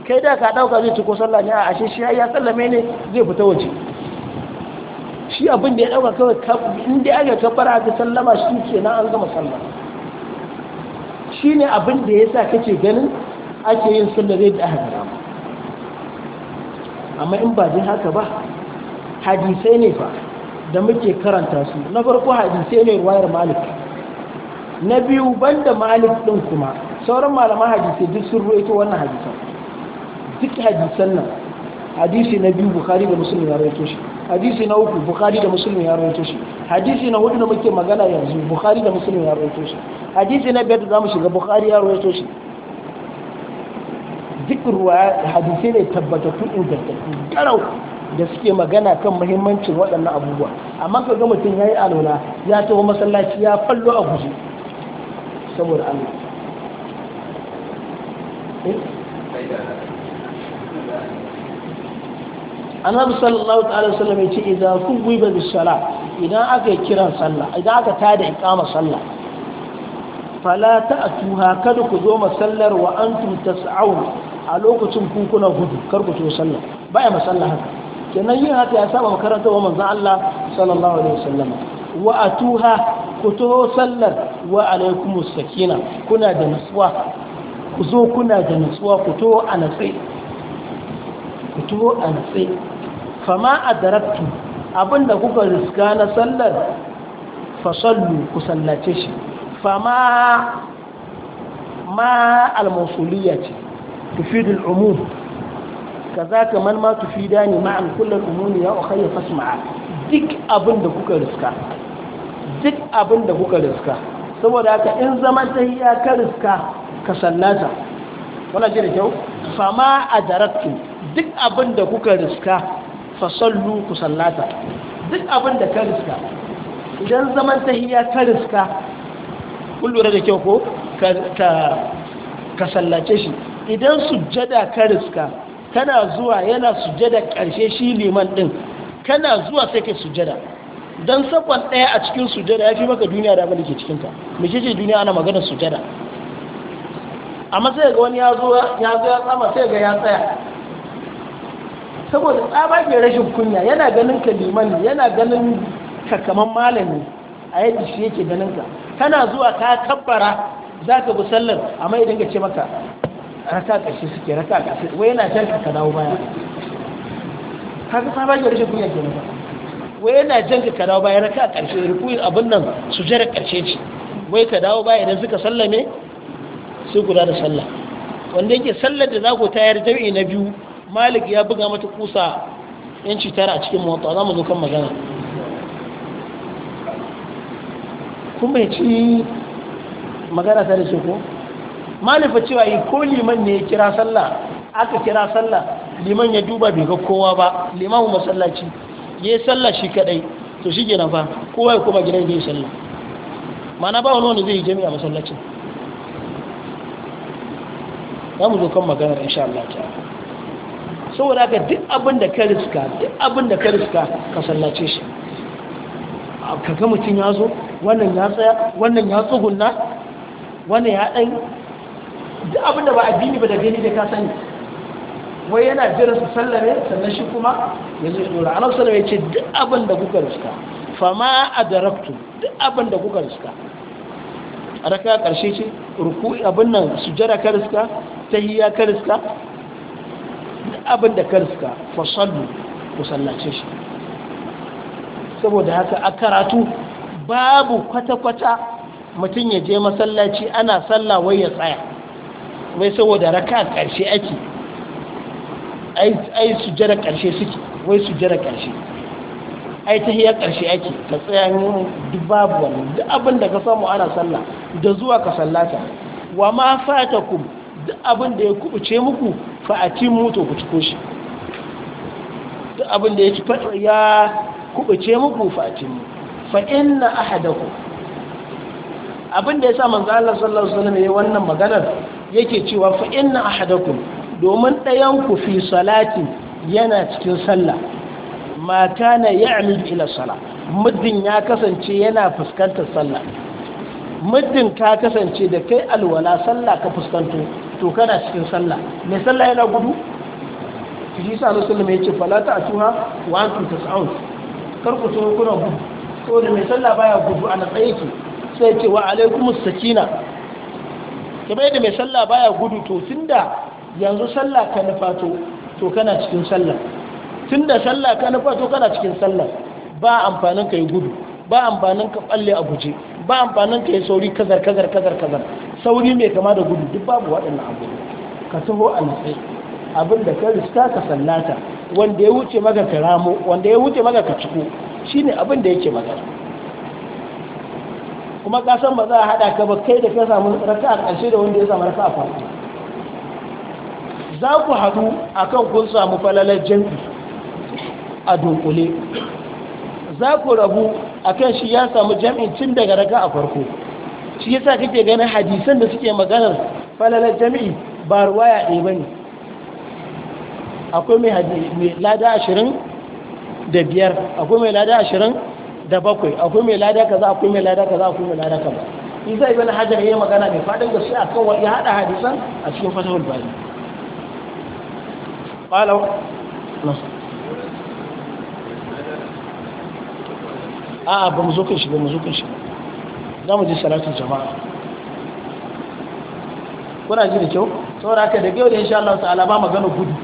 Speaker 1: kai da ka dauka zai ciko sallah a ashe shi ya sallame ne zai fita waje shi abin da ya dauka kawai in dai aka kafara ta sallama shi kenan an gama sallah ne abin da sa kace ganin ake yin sunna zai da haka amma in ba zai haka ba hadisai ne fa da muke karanta su na farko hadisai ne ruwayar malik na biyu banda malik din kuma sauran malaman hadisai duk sun ruwaito wannan hadisan duk hadisan nan hadisi na biyu bukhari da muslim ya rawaito shi hadisi na uku bukhari da muslim ya rawaito shi hadisi na hudu da muke magana yanzu bukhari da muslim ya rawaito shi hadisi na biyar da zamu shiga bukhari ya rawaito shi duk ruwa hadisi ne tabbatattu ingantattu garau da suke magana kan muhimmancin waɗannan abubuwa amma ka ga mutum ya yi alona ya taho masallaci ya fallo a guzu
Speaker 2: saboda allah eh?
Speaker 1: annabi sallallahu ta'ala wasallam ya ce idan kun gwiba da sala idan aka yi kiran sallah idan aka tada iqama sallah fala tuha kada ku zo masallar wa antum tas'aun a lokacin kun gudu kar ku zo sallah baya haka kenan yin haka ya saba makarantar manzon Allah sallallahu alaihi wasallam wa atuha ku taho sallar wa alaikumus sakina kuna da nutsuwa ku zo kuna da nutsuwa ku taho a natsai ku taho a natsai fama adaraktu abinda kuka riska na sallar fasallu ku sallace shi fama ma al-mawsuliyya ce tufidul umum kazaka man ma tufidani ma'an kullal umumi ya ukhayya fasma'a duk abin da kuka riska duk abin da kuka riska saboda haka in zaman tahiyya ka riska ka sallata wala ji da kyau fama adaraktu duk abin da kuka riska fa sallu ku sallata duk abin da ka riska idan zaman tahiyya ka riska kun da kyau ko ka sallace shi idan sujjada ka riska kana zuwa yana sujada karshe shi liman din kana zuwa sai kai sujada dan sakon daya a cikin sujada yafi maka duniya da abin ke cikin ta me ce duniya ana magana sujada amma sai ga wani ya zo ya zo ya tsama sai ga ya tsaya saboda tsaba ke rashin kunya yana ganin ka liman ne yana ganin ka kaman malami a yadda shi yake ganin ka kana zuwa ka kabbara za ka bi sallar amma idan ka ce maka raka ƙarshe suke raka ƙarshe wai yana jan ka dawo baya haka ta rage rashin kunya ke nufa. wai yana jan ka dawo baya raka ƙarshe rukuyin abin nan su jira ƙarshe ce wai ka dawo baya idan suka sallame Su guda da sallah wanda yake sallar da za ku tayar jami'i na biyu malik ya buga mata kusa yanci tara a cikin mota za mu zo kan magana kuma ya ci magana ta da ce ko malifa cewa yi ko liman ne ya kira sallah aka kira sallah liman ya duba bai ga kowa ba limamu masallaci ya yi sallah shi kadai to shi gina fa kowa ya kuma gidan ya yi sallah mana ba wani wani zai yi jami'a masallacin za mu zo kan maganar insha Allah ta saboda ka duk abin da ka riska duk abin da ka riska ka sallace shi ka ga mutum ya zo wannan ya tsaya wannan ya tsugunna wannan ya ɗan duk abin da ba addini ba da gani da ka sani wai yana jiran su sallame sannan shi kuma ya zo shi dora anan sallame ya ce duk abin da kuka riska fama adaraktu duk abin da kuka riska a raka karshe ce ruku abin nan sujjara ka riska tahiyya ka riska duk abin da ka riska fa sallu ku sallace shi saboda haka a karatu babu kwata-kwata mutum ya je masallaci ana sallah wai ya tsaya wai saboda raka ƙarshe ake ai su jira ƙarshe suke wai su jira ƙarshe ai ta hiyar ƙarshe ake ka tsaya yin duk babu wani duk abin da ka samu ana sallah da zuwa ka sallata wa ma fata ku duk abin da ya kubuce muku fa a ci muto ku ciko shi duk abin da ya kubuce muku fa a ci mu fa inna ahadakum abin da ya sa manzo Allah sallallahu alaihi wasallam yayin wannan maganar yake cewa fa inna ahadakum domin ɗayan ku fi salati yana cikin sallah ma kana ya'mid ila sala muddin ya kasance yana fuskantar sallah muddin ka kasance da kai alwala sallah ka fuskanto to kana cikin sallah me sallah yana gudu shi sa Allah sallallahu alaihi wasallam yace fala ta'tuha wa antum tas'un kar ku so kuna gudu to da mai sallah baya gudu ana tsaye ki sai ce wa alaikumus sakina kamar yadda mai sallah baya gudu to tunda yanzu sallah ka nufa to kana cikin sallah tunda sallah ka to kana cikin sallah ba amfanin ka yi gudu ba amfanin ka falle a guje ba amfanin ka yi sauri kazar kazar kazar kazar sauri mai kama da gudu duk babu waɗannan abu ka taho a nutsai abin da ka riska ka sallata wanda ya wuce maka ka ramo wanda ya wuce maka ka ciko shine abin da yake maka kuma ka san ba za a haɗa ka ba kai da ka samu raka a ƙarshe da wanda ya samu raka a farko za ku haɗu a kan kun samu falalar jam'i a dunkule za ku rabu a kan shi ya samu jami'in tun daga raka a farko shi ya sa kake ganin hadisan da suke maganar falalar jami'i? ba ruwaya ɗaya ba ne akwai mai lada ashirin da biyar akwai mai lada ashirin da bakwai akwai mai lada kaza akwai mai lada kaza akwai mai lada kaza isa ibn hajar yayi magana mai fadin gaske akan wa ya hada hadisan a cikin fatahul bari qala a a ba mu zo kan shi ba mu zo kan shi za mu ji salatin jama'a kuna ji da kyau saboda haka da yau da insha Allah ta'ala ba magana gudu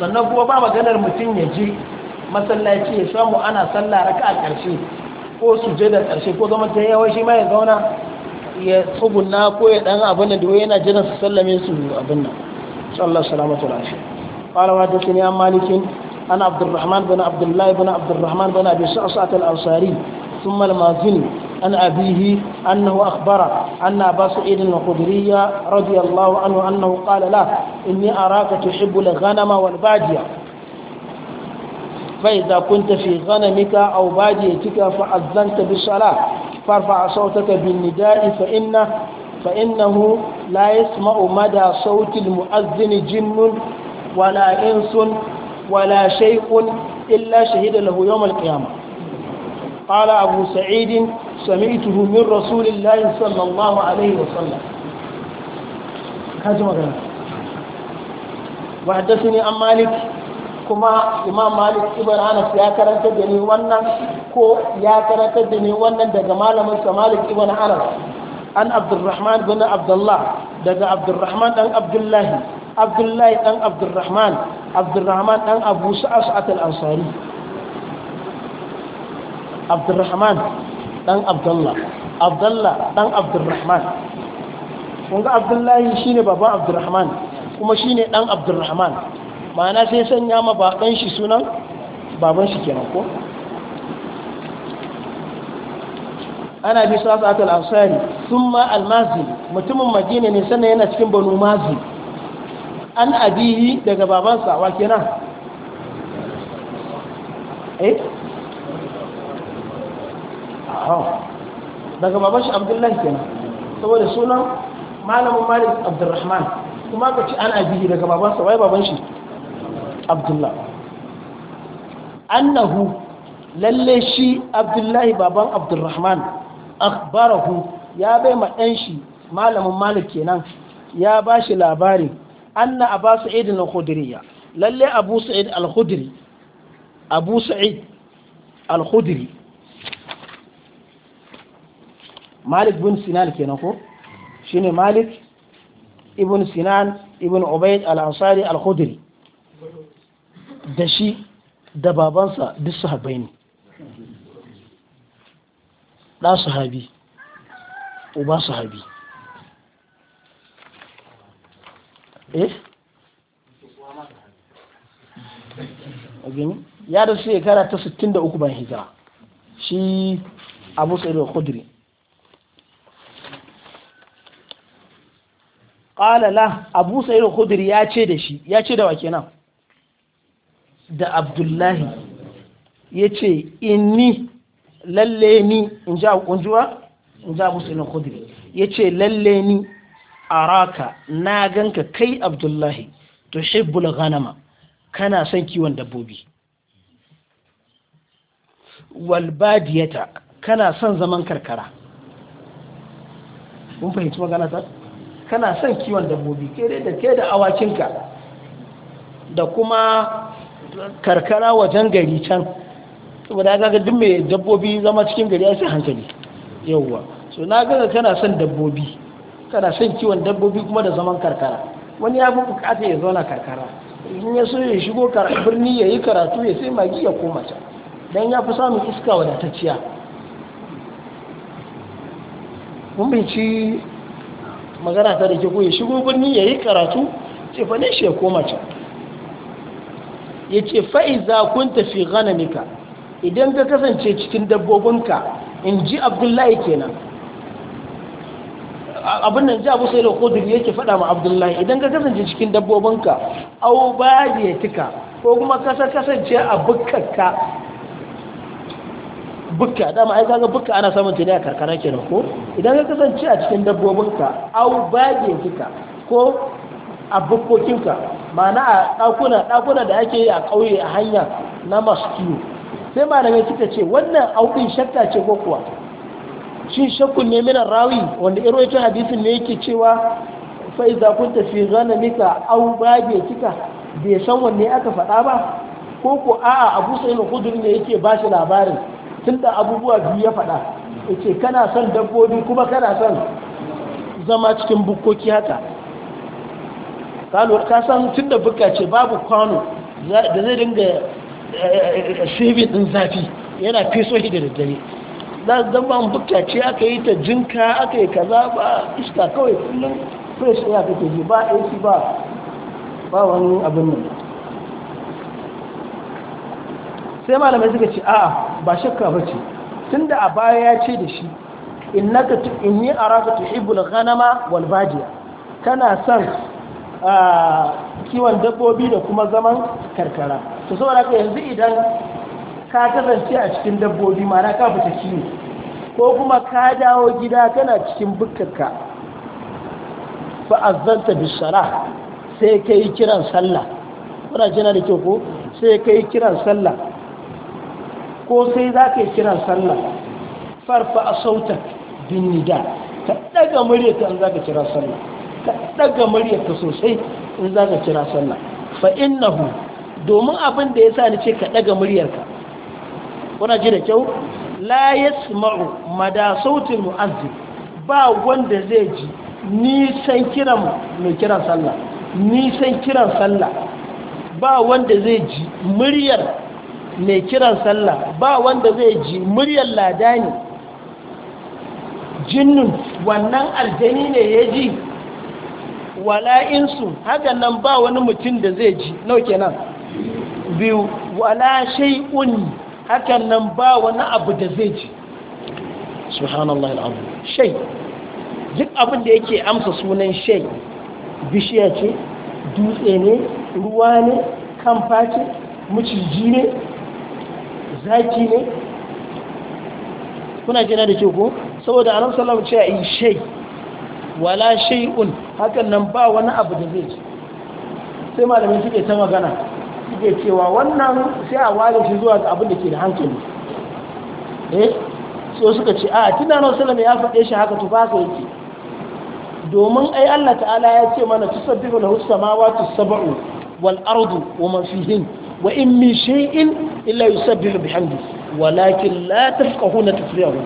Speaker 1: sannan kuma ba maganar mutum ya je masallaci ya samu ana sallah raka a ƙarshe ko sujada ƙarshe ko zama ta yawa shi ma ya zauna ya tsugunna ko ya dan abin da yana jiran su sallame su abin nan sallallahu salamatu lafi qala wa tasni an malikin ana abdurrahman bin abdullahi bin abdurrahman bin abi sa'sat al-ansari thumma al-mazini an abihi annahu akhbara anna abu sa'id al-khudri radiyallahu anhu annahu qala la inni araka tuhibbu al-ghanama wal-badiya فإذا كنت في غنمك أو باديتك فأذنت بالصلاة فارفع صوتك بالنداء فإنه, فإنه لا يسمع مدى صوت المؤذن جن ولا إنس ولا شيء إلا شهد له يوم القيامة قال أبو سعيد سمعته من رسول الله صلى الله عليه وسلم هذا وحدثني عن مالك kuma imam malik ibn anas ya karanta da ni wannan ko ya karanta da ni wannan daga malamin sa malik ibn anas an abdurrahman bin abdullah daga abdurrahman dan abdullahi abdullahi dan abdurrahman abdurrahman dan abu sa'ad al-ansari abdurrahman dan abdullah abdullah dan abdurrahman kun ga abdullahi shine baban abdurrahman kuma shine dan abdurrahman ma'ana sai sanya ma baban shi sunan baban shi kenan ko ana bi sa sa'at al-ansari thumma al-mazi mutumin madina ne sannan yana cikin banu mazi an abihi daga babansa wa kenan eh daga baban shi abdullahi kenan saboda sunan malamin malik abdurrahman kuma ka ci an abihi daga babansa wai baban shi abdullah annahu lalle shi abdullahi baban abdurrahman akhbarahu ya bai ma shi malamin malik kenan ya ba shi labari anna abu sa'id al-khudriya lalle abu sa'id al-khudri abu sa'id al-khudri malik bin sinan kenan ko shine malik ibn sinan ibn ubayd al-ansari al-khudri da shi da babansa duk sahabai ne ɗa sahabi uba sahabi eh gani ya da kara ta 63 ban hijira shi abu sa'id al-khudri abu sa'id al-khudri ya ce da shi ya ce da wa kenan da abdullahi ya ce inni lalle ni in ji abu kunjuwa in ji abu sunan kudiri ya ce lalle ni a araka na ganka kai abdullahi to shibbul ghanama kana son kiwon dabbobi walbadiyata kana son zaman karkara kun fahimci magana ta kana son kiwon dabbobi kere da ke da awakinka da kuma karkara wajen gari can saboda ga duk mai dabbobi zama cikin gari ya sai hankali yawwa so na ga kana son dabbobi kana son kiwon dabbobi kuma da zaman karkara wani ya fi bukata ya zauna karkara in ya so ya shigo birni ya yi karatu ya sai magi ya koma can don ya fi samun iska wadatacciya Mun binci magana ta da ke ya shigo birni ya yi karatu ce fa shi ya koma can ya ce fa'iza kun tafi ghanamika idan ka kasance cikin dabbobinka in ji abdullahi kenan abin nan ji abu sai da kodur yake fada ma abdullahi idan ka kasance cikin dabbobinka au tuka ko kuma kasa kasance a bukkanka bukka dama ai kaga bukka ana samun tuni a karkara kenan ko idan ka kasance a cikin dabbobinka au bage kika ko a bukkokinka mana a ɗakuna da ake yi a ƙauye a hanya na masu kiwo sai malamai suka ce wannan aukin shakka ce ko kuwa shi shakkun ne minan rawi wanda irin hadisin ne yake cewa fai kun tafi zana nika au bage kika bai san wanne aka faɗa ba ko ko a'a abu sai na kudur ne yake ba shi labarin tun da abubuwa biyu ya faɗa yace kana son dabbobi kuma kana son zama cikin bukkoki haka ka san tun da buka ce babu kwano da zai dinga eh, eh, eh, saving din zafi yana fiso shi da daddare da zama buka ce aka yi ta jinka aka yi kaza ba iska kawai kullum fresh air kake ji ba ac ba ba wani abin nan sai malamai suka ce a'a ba shakka ba ce da a baya ya ce da shi innaka inni araka tuhibbul ghanama wal badiya kana son kiwon dabbobi da kuma zaman karkara to saboda da yanzu idan ka kasance a cikin dabbobi ma na ka fita kiwo ko kuma ka dawo gida kana cikin bukkarka fa azzanta bisara sai ka yi kiran sallah kuna jina da kyau ko sai ka yi kiran sallah ko sai za ka yi kiran sallah farfa a sautar bin nida ka daga murya ta an za ka kira sallah ka daga muryarka sosai in za ka kira sallah fa innahu domin abin da ya sa ni ce ka daga muryarka kuna ji da kyau la yasma'u mada sautin mu'azzin ba wanda zai ji nisan kiran mai kiran sallah nisan kiran sallah ba wanda zai ji muryar mai kiran sallah ba wanda zai ji muryar ladani jinnun wannan aljani ne ya ji wala insu haka nan ba wani mutum da zai ji nau kenan biyu wala shay'un hakan nan ba wani abu da zai ji subhanallah al'abu Shai, duk abin da yake amsa sunan shai bishiya ce dutse ne ruwa ne kamfa ce maciji ne zaki ne kuna jina da ke ko saboda anamsalam ce a yi shay wala shay'un hakan nan ba wani abu da zai sai malamai suke ta magana suke cewa wannan sai a ware shi zuwa ga abin da ke da hankali eh so suka ce a tunda nan ya faɗe shi haka tufa ka yake domin ai Allah ta'ala ya ce mana tusabbihu lahu samawati sab'u wal ardu wa man fihin wa in min shay'in illa yusabbihu bihamdihi walakin la tafqahuna tasbihahu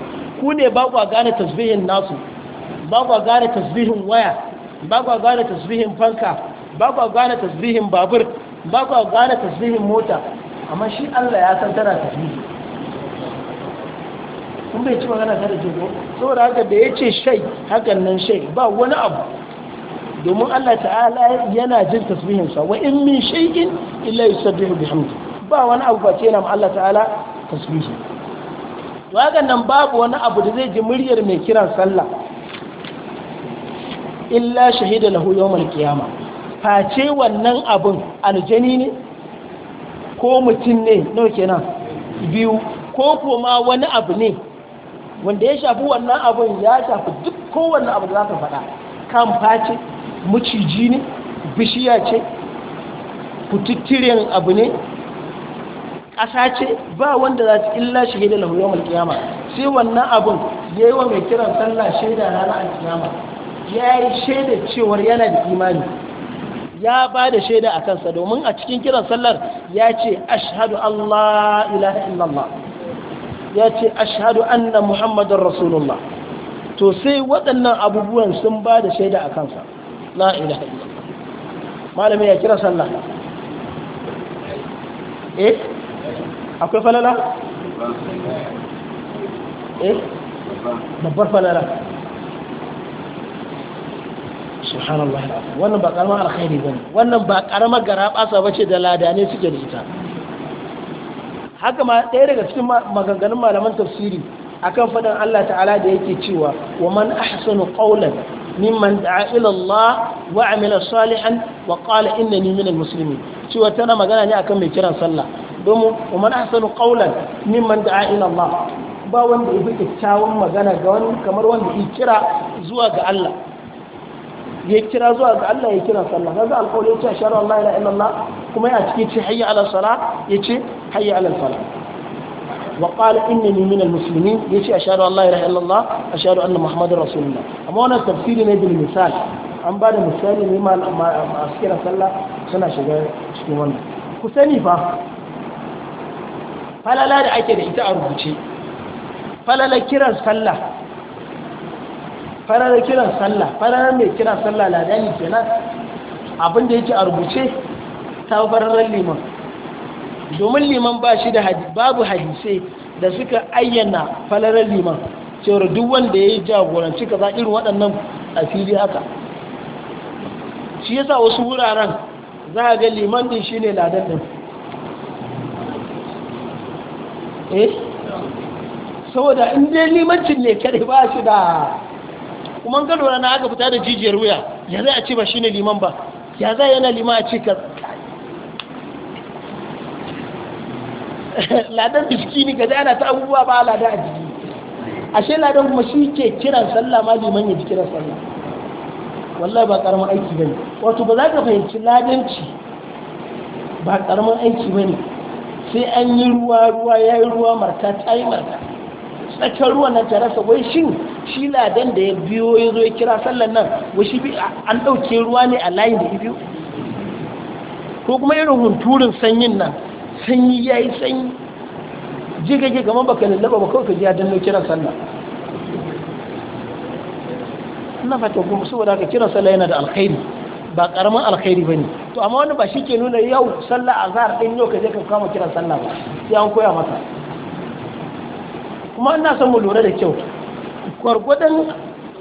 Speaker 1: ku ne ba ku gane tasbihin nasu ba ku gane tasbihin waya ba a gane tasbihin fanka ba a gane tasbihin babur ba a gane tasbihin mota amma shi Allah ya san tana tasbihi kun bai ci magana ta da jirgin saboda haka da ya ce shai hakan nan shai ba wani abu domin Allah ta'ala yana jin tasbihinsa wa in min shaikin illa yusabbihu bihamdi ba wani abu face yana Allah ta'ala tasbihi to hakan nan babu wani abu da zai ji muryar mai kiran sallah illa shahida lahu yawmal qiyama face wannan abun aljani ne ko mutum ne nawa kenan biyu ko kuma wani abu ne wanda ya shafi wannan abun ya shafi duk kowanne abu da zaka faɗa kan face maciji ne bishiya ce fututtiren abu ne ƙasa ce ba wanda za ta illa shahida lahu yawmal qiyama sai wannan abun yayi wa mai kiran sallah shaida ranar alkiyama ya yi shaida cewar yana da imani ya ba da shaida a kansa domin a cikin kiran sallar ya ce ashadu Allah ilaha illallah ya ce ashadu anna muhammadun rasulullah to sai waɗannan abubuwan sun ba da shaida a kansa la ilaha illallah malamin ya kira sallar eh akwai falala eh babbar falala subhanallah wannan ba karamar alkhairi bane wannan ba karamar garabasa bace da ladane suke da ita haka ma ɗaya daga cikin maganganun malaman tafsiri akan faɗin Allah ta'ala da yake cewa wa man ahsanu qawlan mimman da'a ila Allah wa amila salihan wa qala innani min muslimin cewa tana magana ne akan mai kiran sallah domin wa man ahsanu qawlan mimman da'a ila Allah ba wanda ya fi kyakkyawan magana ga wani kamar wanda ya kira zuwa ga Allah ya kira zuwa ga Allah ya kira sallah na za alƙawar ya ce a sharar Allah ila illallah kuma ya cikin ce hayya ala sala ya ce hayya ala sala wa qala innani min al muslimin ya ce a sharar Allah ila illallah a sharar anna muhammadin rasulullah amma wannan tafsiri ne bil misal an ba da misali ne masu kira sallah suna shiga cikin wannan ku sani fa falala da ake da ita a rubuce falala kiran sallah Farar kiran sallah farar mai kiran sallah ladani kenan abin da yake a rubuce ta fararar liman domin liman ba shi da babu hadisai da suka ayyana falalar liman cewar duk wanda ya yi jagoranci ka za irin waɗannan a haka shi yasa wasu wuraren za a ga liman din shi ne ladan din eh saboda in limancin ne kare ba shi da kuma an gado na aka fita da jijiyar wuya ya zai a ce ba shi ne liman ba ya zai yana liman a ce ka <laughs> ladan da jiki ne ga ana ta abubuwa ba ladan a jiki ashe ladan kuma shi ke kiran sallah ma liman ya ji kiran sallah wallahi ba karamin aiki ba ne. wato ba za ka fahimci ladanci ba karamin aiki bane sai an yi ruwa ruwa ya yi ruwa marka ta yi marka tsakar ruwan nan ta rasa wai shin shi ladan da ya biyo ya zo ya kira sallan nan wai shi an ɗauke ruwa ne a layin da ya biyo ko kuma irin hunturin sanyin nan sanyi ya yi sanyi jigage gama baka lallaba ba kawai ka ji ya danno kiran sallan ina fata kuma saboda ka kiran sallah yana da alkhairi ba karamin alkhairi bane to amma wani ba shi ke nuna yau sallah azhar din yau ka je ka kama kiran sallah ba sai an koya maka kuma ina son mu lura da kyau gwargwadon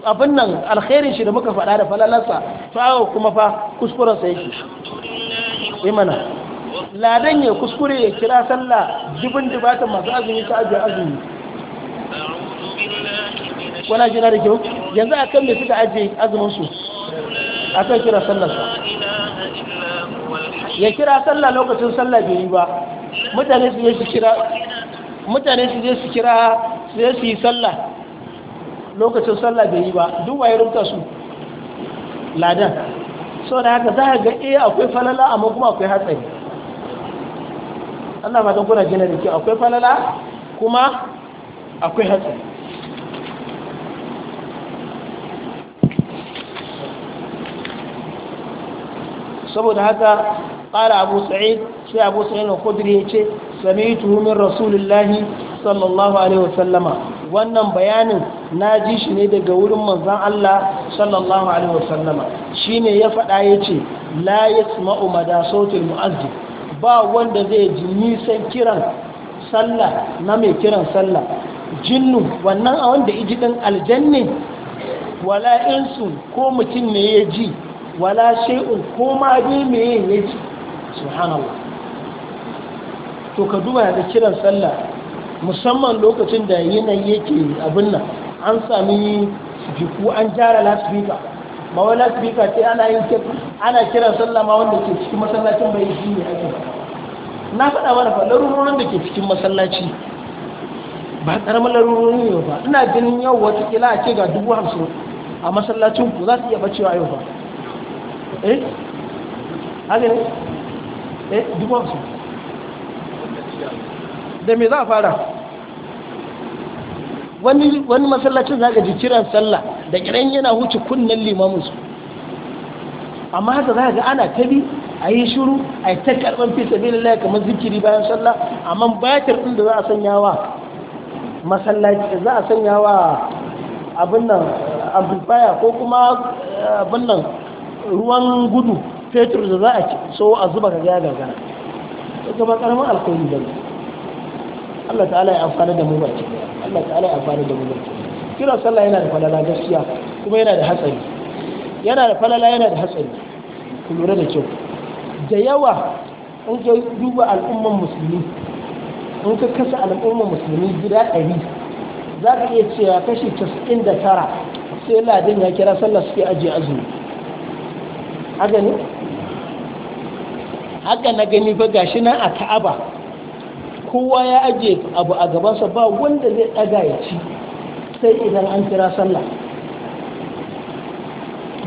Speaker 1: abin nan alkhairin shi da muka faɗa da falalarsa to awo kuma fa kuskuren sai shi yi mana ladan ya kuskure ya kira sallah jibin dubatan masu azumi ta ajiyar azumi
Speaker 2: wala jina da kyau
Speaker 1: yanzu a kan mai suka ajiye azuminsu a kan kira sallarsa
Speaker 2: ya kira sallah
Speaker 1: lokacin sallah bai yi ba mutane su yi shi kira mutane su je su kira su je su yi sallah lokacin sallah bai yi ba duk waye rubuta su ladan so da haka za a ga eh akwai falala amma kuma akwai hatsari Allah matan don kuna gina da ke akwai falala kuma akwai hatsari saboda haka qala abu sa'id sai سعيد sa'id al سميته yace رسول min صلى sallallahu alaihi وسلم wannan bayanin na ji shi ne daga wurin manzon Allah sallallahu alaihi wasallama shine ya faɗa yace la yasma'u mada sautin mu'azzin ba wanda zai ji nisan kiran sallah na mai kiran sallah jinnu wannan a wanda iji din aljanne wala insu ko mutum ne ya ji wala shay'un ko ma dai me ya ji subhanallah to ka duba da kiran sallah musamman lokacin da yanayi yake abin nan an sami jiku an jara lasbika ma wai lasbika ce ana yin ana kiran sallah ma wanda ke cikin masallacin bai shi ne ake na faɗa mana fa larurorin da ke cikin masallaci ba ƙaramin larurorin ne ba ina ganin yau wata kila a ce ga dubu hamsin a masallacin ku za su iya bacewa yau ba eh haka ne Eh, dubansu da me za a fara wani masallacin za ka ji kiran sallah da kiran yana huce kunnen limaminsu amma haka za ga ana tabi a yi shuru a yi ta karɓar fi sabi lalai kamar zikiri bayan sallah amma bayatar ɗin da za a sanya wa masallaci za a sanya wa abin nan ko kuma eh, abin nan ruwan gudu fetur da za a ci so a zuba ga ya gargara. ita ba karamin alkhairi ba Allah ta'ala ya amfana da mu Allah ta'ala ya amfana da mu baki kira sallah yana da falala gaskiya kuma yana da hatsari yana da falala yana da hatsari ku lura da kyau da yawa in ka duba al'umman musulmi in ka kasa al'umman musulmi gida ɗari za ka iya cewa kashi casa'in da tara sai ladin ya kira sallah suke ajiye azumi haka ne haka na gani fa gashi nan a ka'aba kowa ya aje abu a gabansa ba wanda zai ɗaga ya ci sai idan an kira sallah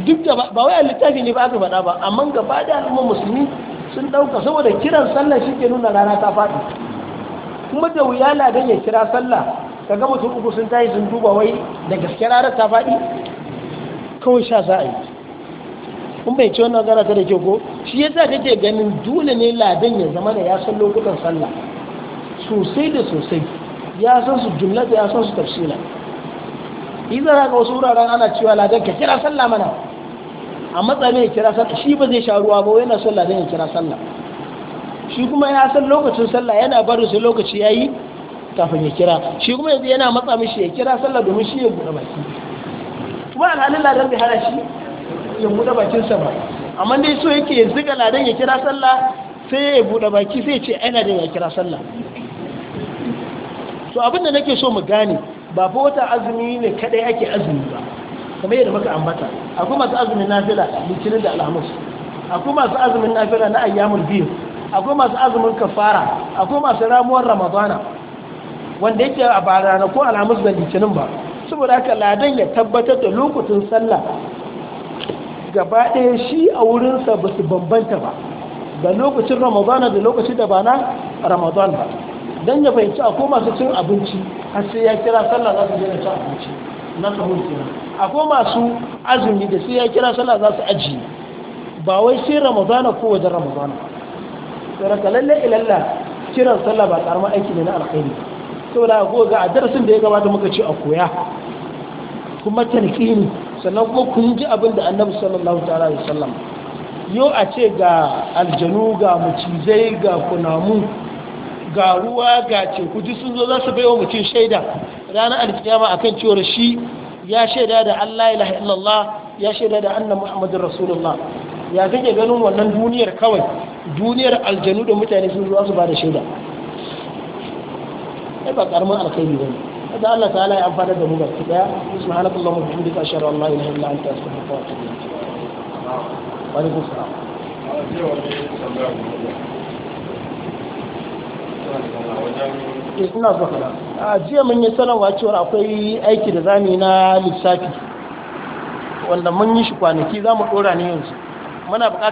Speaker 1: duk da ba wai littafi ne ba aka faɗa ba amma gaba da al'ummar musulmi sun ɗauka saboda kiran sallah shi ke nuna rana ta faɗi kuma da wuya ladan ya kira sallah ka ga mutum uku sun tayi sun duba wai da gaske rana ta faɗi kawai sha za a yi kun bai ce wannan magana ta da ke ko shi yasa kake ganin dole ne ladan ya zama da ya san lokutan sallah sosai da sosai ya san su jumlata ya san su tafsila idan ga wasu wuraren ana cewa ladan ka kira sallah mana a matsayin ya kira sallah shi ba zai sha ruwa ba yana son ladan ya kira sallah shi kuma ya san lokacin sallah yana barin su lokaci ya yi kafin ya kira shi kuma yanzu yana matsa mishi ya kira sallah domin shi ya buɗe baki kuma alhalin ladan bai hana shi ya buɗe bakinsa ba amma dai so yake ya ziga ladan ya kira sallah sai ya buɗe baki sai ya ce ai da ya kira sallah to abin da nake so mu gane ba fa wata azumi ne kadai ake azumi ba kamar yadda muka ambata akwai masu azumin nafila litinin da alhamis akwai masu azumin nafila na ayyamul biyu akwai masu azumin kafara akwai masu ramuwar ramadana wanda yake a barana ko alhamis da litinin ba saboda haka ladan ya tabbatar da lokacin sallah gaba ɗaya shi a wurinsa ba su bambanta ba da lokacin ramadana da lokacin da ba na ramadan ba don ya fahimci a koma su cin abinci har sai ya kira sallah za su je na cin abinci na sahur kira a koma su azumi da sai ya kira sallah za su ajiye ba wai sai ramadana ko wajen ramadana ba da ka lalle ilalla kiran sallah ba karamar aiki ne na alkhairi saboda ko ga a darasin da ya gabata muka ce a koya kuma tanqini sannan ko kun ji abin da annabi sallallahu ta'ala ya sallam yau a ce ga aljanu ga macizai ga kunamu ga ruwa ga teku ji sun zo za su baiwa mutum shaida ranar alkiyama akan cewar shi ya shaida da Allah ilaha illallah ya shaida da annabi muhammadin rasulullah ya kake ganin wannan duniyar kawai duniyar aljanu da mutane sun za su ba da shaida ai ba karamin alkhairi bane da Allah ta'ala ya amfana da mu baki daya subhanallahi wa bihamdihi ashhadu an la ilaha illa anta astaghfiruka wa atubu ilaik wa alaikum salam eh, ina zuwa kana a ah, jiya mun yi sanarwa cewa akwai aiki da zamu na lissafi wanda mun yi shi kwanaki zamu dora ne yanzu muna